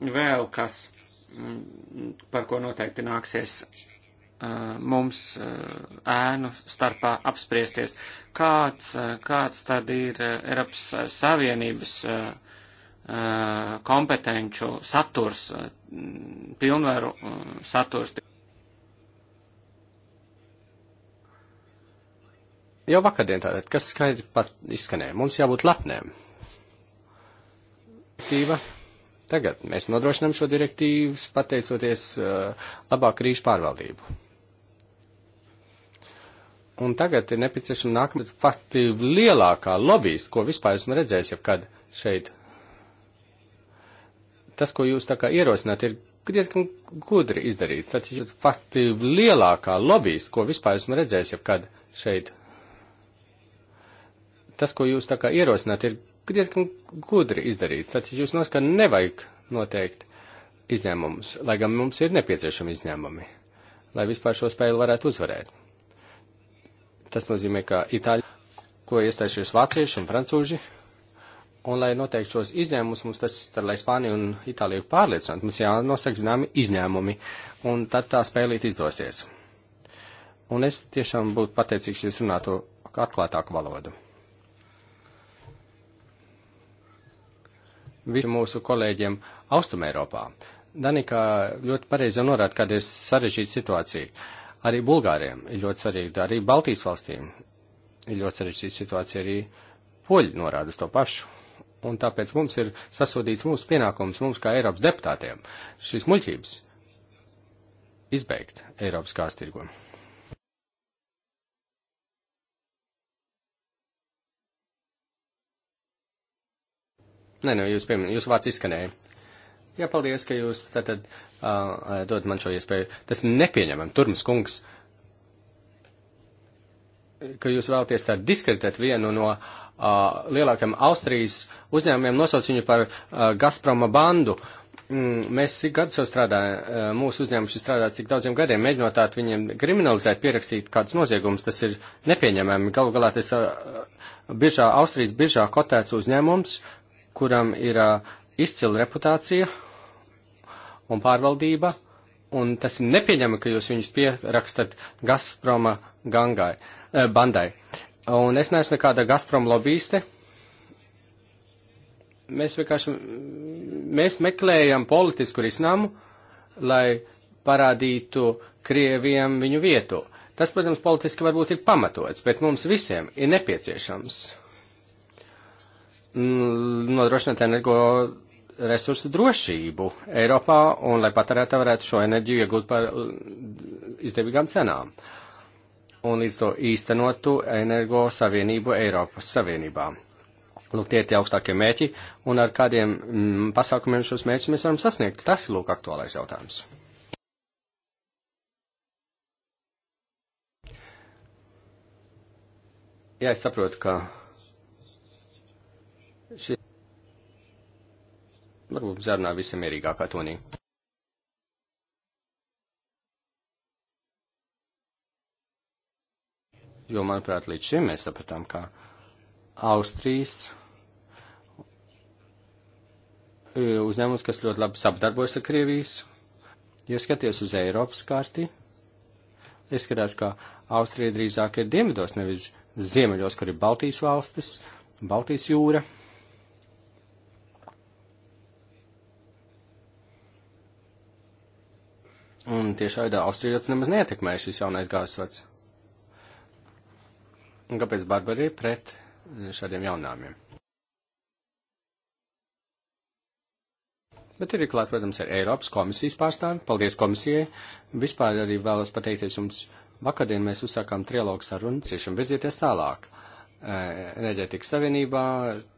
Vēl kas, mm, par ko noteikti nāksies mums ēnu starpā apspriesties, kāds, kāds tad ir Eiropas Savienības uh, Eh, kompetenču saturs, eh, pilnvaru eh, saturs. Jau vakardien tātad, kas skaidri pat izskanēja, mums jābūt lepnēm. Tīva. Tagad mēs nodrošinām šo direktīvas pateicoties uh, labāk krīžu pārvaldību. Un tagad ir nepieciešama nākamā fakti lielākā lobbyist, ko vispār esmu redzējis, ja kad šeit tas, ko jūs tā kā ierosināt, ir diezgan gudri izdarīts. Tad ir fakti lielākā lobbyist, ko vispār esmu redzējis jebkad šeit. Tas, ko jūs tā kā ierosināt, ir diezgan gudri izdarīts. Tad jūs noskat, ka nevajag noteikti izņēmumus, lai gan mums ir nepieciešami izņēmumi, lai vispār šo spēli varētu uzvarēt. Tas nozīmē, ka Itāļi, ko iestājušies vācieši un francūži, Un, lai noteikti šos izņēmumus, mums tas, tad, lai Spāniju un Itāliju pārliecinātu, mums jānosaka zināmi izņēmumi, un tad tā spēlīt izdosies. Un es tiešām būtu pateicīgs, ja jūs runātu atklātāku valodu. Visu mūsu kolēģiem Austumē Eiropā. Danika ļoti pareizi norāda, kāda ir sarežģīta situācija. Arī Bulgāriem ir ļoti svarīga, arī Baltijas valstīm ir ļoti sarežģīta situācija, arī Poļi norāda uz to pašu un tāpēc mums ir sasodīts mūsu pienākums, mums kā Eiropas deputātiem, šīs muļķības izbeigt Eiropas kāstirgo. Nē, nu, jūs pieminējāt, jūsu vārds izskanēja. Jā, paldies, ka jūs tātad uh, dod man šo iespēju. Tas nepieņemam, Turmas kungs ka jūs vēlaties tā diskreditēt vienu no uh, lielākajiem Austrijas uzņēmumiem, nosauc viņu par uh, Gazproma bandu. Mm, mēs cik gadus jau strādājam, uh, mūsu uzņēmums ir strādājis cik daudziem gadiem, mēģinot tāt viņiem kriminalizēt, pierakstīt kādus noziegumus, tas ir nepieņemami. Galu galā tas uh, biržā, Austrijas biržā kotēts uzņēmums, kuram ir uh, izcila reputācija un pārvaldība, un tas ir nepieņemami, ka jūs viņus pierakstat Gazproma gangai. Uh, Eh, bandai. Un es neesmu nekāda Gazprom lobbyiste. Mēs vienkārši mēs meklējam politisku risinājumu, lai parādītu Krieviem viņu vietu. Tas, protams, politiski varbūt ir pamatots, bet mums visiem ir nepieciešams mm, nodrošināt energo resursu drošību Eiropā un lai patērētā varētu šo enerģiju iegūt par mm, izdevīgām cenām. Uh, un līdz to īstenotu energo savienību Eiropas Savienībā. Lūk, tie ir tie augstākie mērķi, un ar kādiem mm, pasākumiem šos mērķus mēs varam sasniegt. Tas ir, lūk, aktuālais jautājums. Jā, es saprotu, ka šī varbūt zarunā visamierīgākā tonī. Jo, manuprāt, līdz šim mēs sapratām, ka Austrijas e, uzņēmums, kas ļoti labi sadarbojas ar Krievijas, ja skaties uz Eiropas karti, izskatās, ka Austrija drīzāk ir dienvidos, nevis ziemeļos, kur ir Baltijas valstis, Baltijas jūra. Un tieši tādā Austrijas nemaz neietekmē šis jaunais gāzes vats. Un kāpēc Barbarija pret šādiem jaunājumiem? Bet ir klāt, protams, ar Eiropas komisijas pārstāvi. Paldies komisijai. Vispār arī vēlos pateikties jums. Vakardien mēs uzsākām trilogu sarunu, ciešam virzieties tālāk. Enerģētikas savienībā,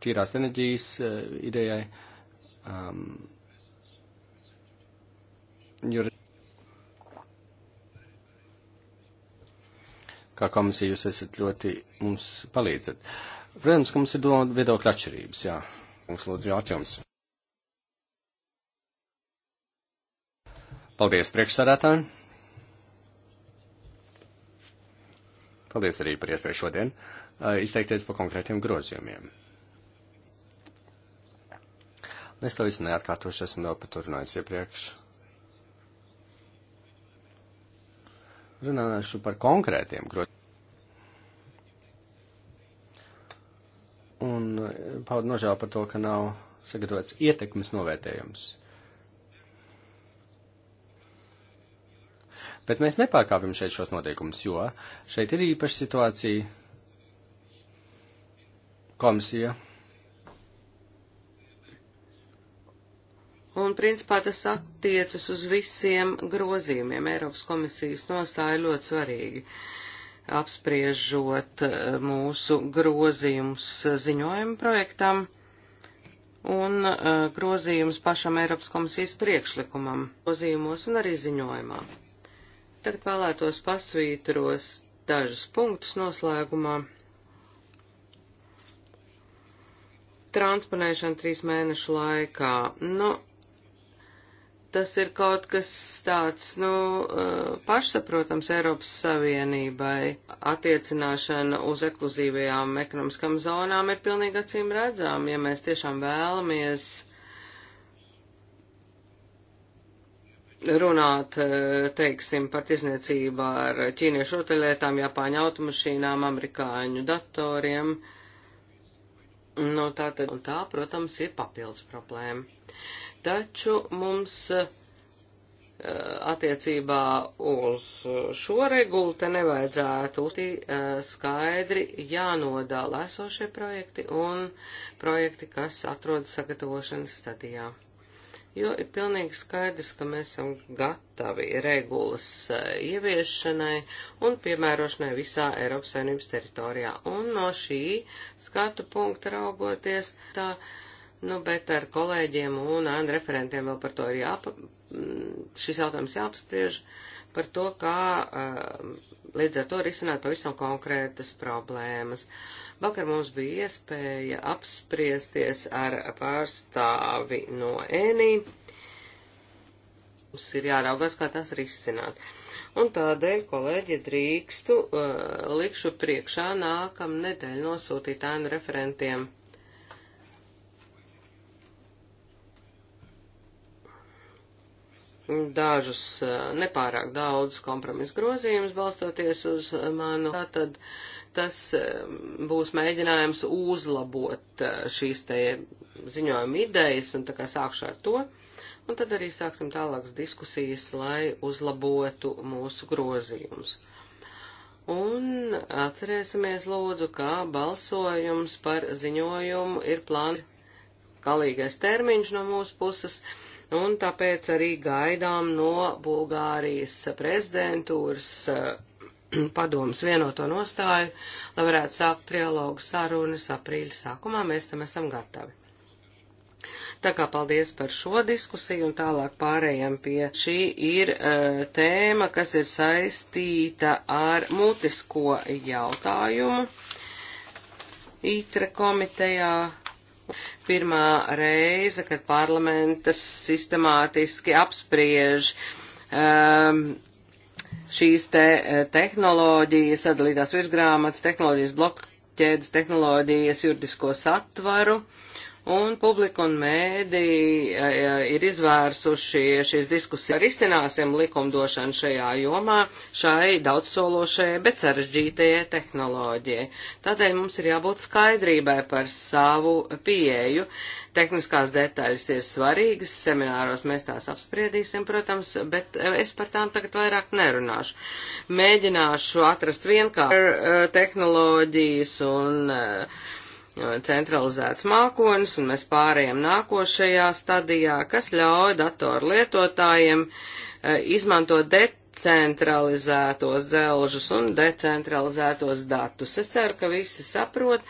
tīrās enerģijas idejai. Um, jo kā komisija jūs esat ļoti mums palīdzat. Protams, ka mums ir doma viedokļa atšķirības, jā. Mums lūdzu jāķums. Paldies priekšsādātājiem. Paldies arī par iespēju šodien uh, izteikties par konkrētiem grozījumiem. Nu, es to visu neatkārtošu, esmu jau paturinājusi iepriekš. runāšu par konkrētiem grozījumiem. Un eh, paudu nožēlu par to, ka nav sagatavots ietekmes novērtējums. Bet mēs nepārkāpjam šeit šos noteikumus, jo šeit ir īpaša situācija komisija Un, principā, tas attiecas uz visiem grozījumiem. Eiropas komisijas nostāja ļoti svarīgi apspriežot eh, mūsu grozījumus ziņojumu projektam un eh, grozījumus pašam Eiropas komisijas priekšlikumam, grozījumos un arī ziņojumā. Tagad vēlētos pasvītros dažus punktus noslēgumā. Transponēšana trīs mēnešu laikā. Nu, tas ir kaut kas tāds, nu, eh, pašsaprotams Eiropas Savienībai. Attiecināšana uz ekluzīvajām ekonomiskām zonām ir pilnīgi acīm redzām, ja mēs tiešām vēlamies runāt, eh, teiksim, par tirzniecību ar ķīniešu rotaļlietām, japāņu automašīnām, amerikāņu datoriem. Nu, tā tad, un tā, protams, ir papildus problēma. Taču mums eh, attiecībā uz šo regulu te nevajadzētu eh, skaidri jānodala esošie projekti un projekti, kas atrodas sagatavošanas stadijā. Jo ir pilnīgi skaidrs, ka mēs esam gatavi regulas eh, ieviešanai un piemērošanai visā Eiropas Savienības teritorijā. Un no šī skatu punkta raugoties tā. Uh, Nu, bet ar kolēģiem un referentiem vēl par to ir jāpa, mm, šis jautājums jāapspriež par to, kā līdz ar to risināt pavisam konkrētas problēmas. Vakar mums bija iespēja apspriesties ar pārstāvi no ENI. Mums ir jāraugās, kā tas risināt. Un tādēļ, kolēģi, drīkstu, likšu priekšā nākam nedēļ nosūtīt ēnu referentiem dažus nepārāk daudz kompromisu grozījumus balstoties uz manu. Tātad tas būs mēģinājums uzlabot šīs te ziņojuma idejas, un tā kā sākšu ar to, un tad arī sāksim tālākas diskusijas, lai uzlabotu mūsu grozījumus. Un atcerēsimies lūdzu, kā balsojums par ziņojumu ir plāns galīgais termiņš no mūsu puses. Uh, Un tāpēc arī gaidām no Bulgārijas prezidentūras eh, <clears throat> padomus vienoto nostāju, lai varētu sākt trialogu sarunas aprīļa sākumā. Mēs tam esam gatavi. Tā kā paldies par šo diskusiju un tālāk pārējām pie šī ir uh, tēma, kas ir saistīta ar mutisko jautājumu. Ītra komitejā Pirmā reize, kad parlamentas sistemātiski apspriež um, šīs te eh, tehnoloģijas, sadalītās virsgrāmatas, tehnoloģijas blokķēdes, tehnoloģijas juridisko satvaru. Uh, Un publika un mēdī e, e, ir izvērsuši šīs diskusijas. Risināsim likumdošanu šajā jomā šai daudzsološajai, bet sarežģītajai tehnoloģijai. Tādēļ mums ir jābūt skaidrībai par savu pieeju. Tehniskās detaļas ir svarīgas, semināros mēs tās apspriedīsim, protams, bet e, es par tām tagad vairāk nerunāšu. Mēģināšu atrast vienkārši tehnoloģijas un uh, centralizēts mākonis, un mēs pārējām nākošajā stadijā, kas ļauj datoru lietotājiem e, izmantot decentralizētos dzelžus un decentralizētos datus. Es ceru, ka visi saprot,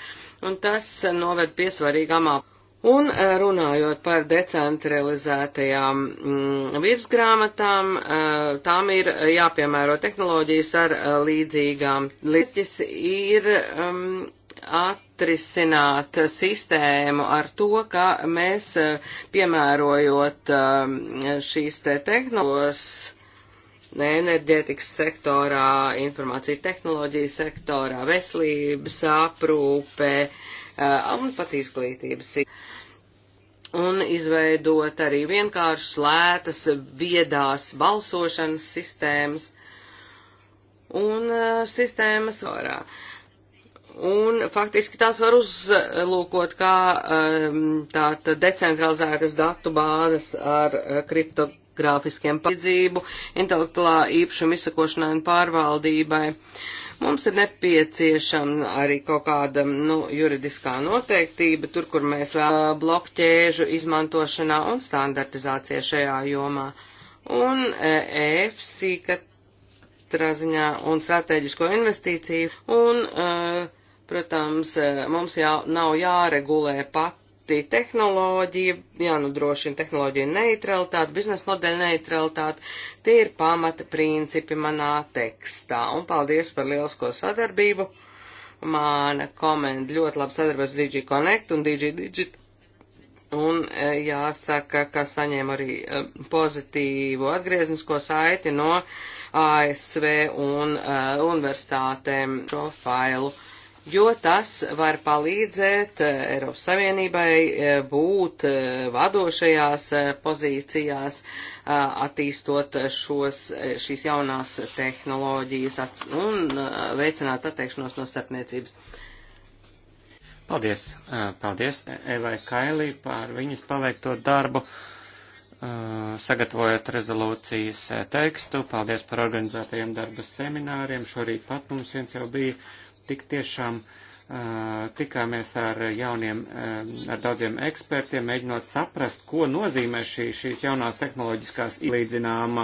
un tas noved pie svarīgām apmācībām. Un e, runājot par decentralizētajām mm, virsgrāmatām, e, tām ir jāpiemēro tehnoloģijas ar līdzīgām. Liķis ir um, at atrisināt eh, sistēmu ar to, ka mēs, eh, piemērojot eh, šīs te tehnoloģijas, enerģētikas sektorā, informācija tehnoloģija sektorā, veselības aprūpē un pat izglītības. Un izveidot arī vienkāršas, lētas, viedās balsošanas sistēmas un sistēmas orā. Uh, Un faktiski tās var uzlūkot kā tāda decentralizētas datu bāzes ar eh, kriptogrāfiskiem palīdzību, intelektuālā īpašuma izsakošanai un pārvaldībai. Mums ir nepieciešama arī kaut kāda nu, juridiskā noteiktība, tur, kur mēs vēl eh, blokķēžu izmantošanā un standartizācijā šajā jomā. Un eh, EFSI, katrā ziņā, un strateģisko investīciju, un uh, Protams, e, mums jau nav jāregulē pati tehnoloģija, jānodrošina tehnoloģija neutralitāte, biznesa modeļa neutralitāte. Tie ir pamata principi manā tekstā. Un paldies par lielisko sadarbību. Māna komenda ļoti labi sadarbojas DG Connect un DG Digit. Un e, jāsaka, ka saņēma arī e, pozitīvu atgrieznisko saiti no ASV un uh, universitātēm šo failu. Uh, jo tas var palīdzēt eh, Eiropas Savienībai eh, būt eh, vadošajās pozīcijās, attīstot šos, šīs jaunās tehnoloģijas un veicināt attiekšanos no starpniecības. Paldies, paldies e-, Evai Kailī par viņas paveikto darbu, sagatavojot rezolūcijas tekstu. Paldies par organizētajiem darba semināriem. Šorīt pat mums viens jau bija tik tiešām tikāmies ar jauniem, ar daudziem ekspertiem, mēģinot saprast, ko nozīmē šī, šīs jaunās tehnoloģiskās līdzināma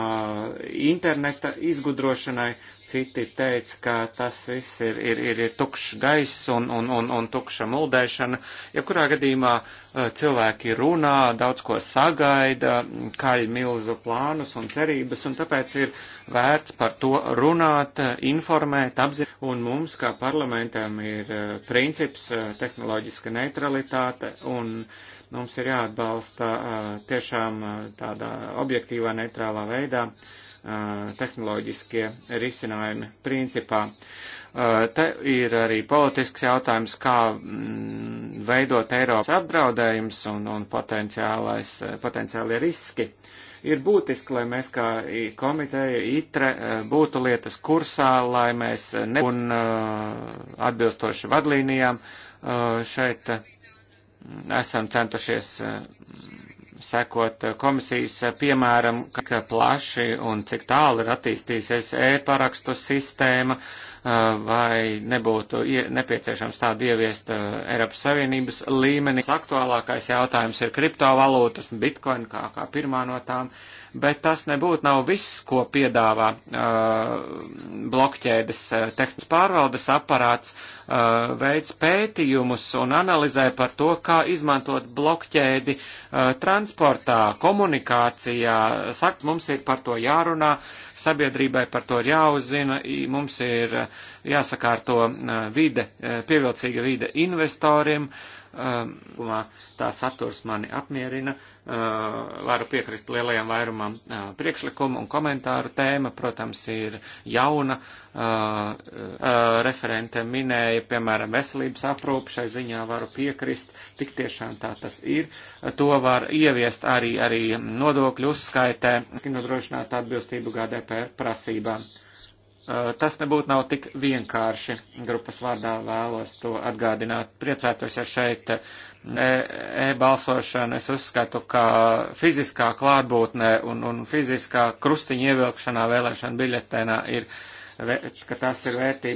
interneta izgudrošanai Citi teica, ka tas viss ir, ir, ir, ir tukšs gaiss un, un, un, un tukša muldēšana. Jebkurā ja gadījumā eh, cilvēki runā, daudz ko sagaida, kaļ milzu plānus un cerības, un tāpēc ir vērts par to runāt, informēt, apzināt. Un mums, kā parlamentam, ir eh, princips eh, tehnoloģiska neutralitāte, un mums ir jāatbalsta tiešām tādā objektīvā, neutrālā veidā tehnoloģiskie risinājumi principā. Te ir arī politisks jautājums, kā mm, veidot Eiropas apdraudējums un, un potenciālie riski. Ir būtiski, lai mēs kā komiteja ITRE būtu lietas kursā, lai mēs ne un atbilstoši vadlīnijām šeit esam centušies sekot komisijas piemēram, cik plaši un cik tālu ir attīstīsies e-parakstu sistēma, vai nebūtu nepieciešams tādu ieviest Eiropas Savienības līmenī. Aktuālākais jautājums ir kriptovalūtas, bitcoin kā, kā pirmā no tām, bet tas nebūtu nav viss, ko piedāvā blokķēdes tehniskas pārvaldes aparāts, veids pētījumus un analizē par to, kā izmantot blokķēdi, uh, Eh, transportā, komunikācijā. Sakt, mums ir par to jārunā, sabiedrībai par to ir jāuzzina, mums ir eh, jāsakārto eh, vide, pievilcīga vide investoriem. Uh, Um, tā saturs mani apmierina, uh, varu piekrist lielajam vairumam uh, priekšlikumu un komentāru tēma, protams, ir jauna, uh, referente minēja, piemēram, veselības aprūpu, šai ziņā varu piekrist, tik tiešām tā tas ir, to var ieviest arī, arī nodokļu uzskaitē, nodrošināt atbilstību GDPR prasībām. Tas nebūtu nav tik vienkārši. Grupas vārdā vēlos to atgādināt. Priecētos, ja šeit e-balsošana, e es uzskatu, ka fiziskā klātbūtnē un, un fiziskā krustiņa ievilkšanā vēlēšana biļetēnā ir, ka tas ir vērtība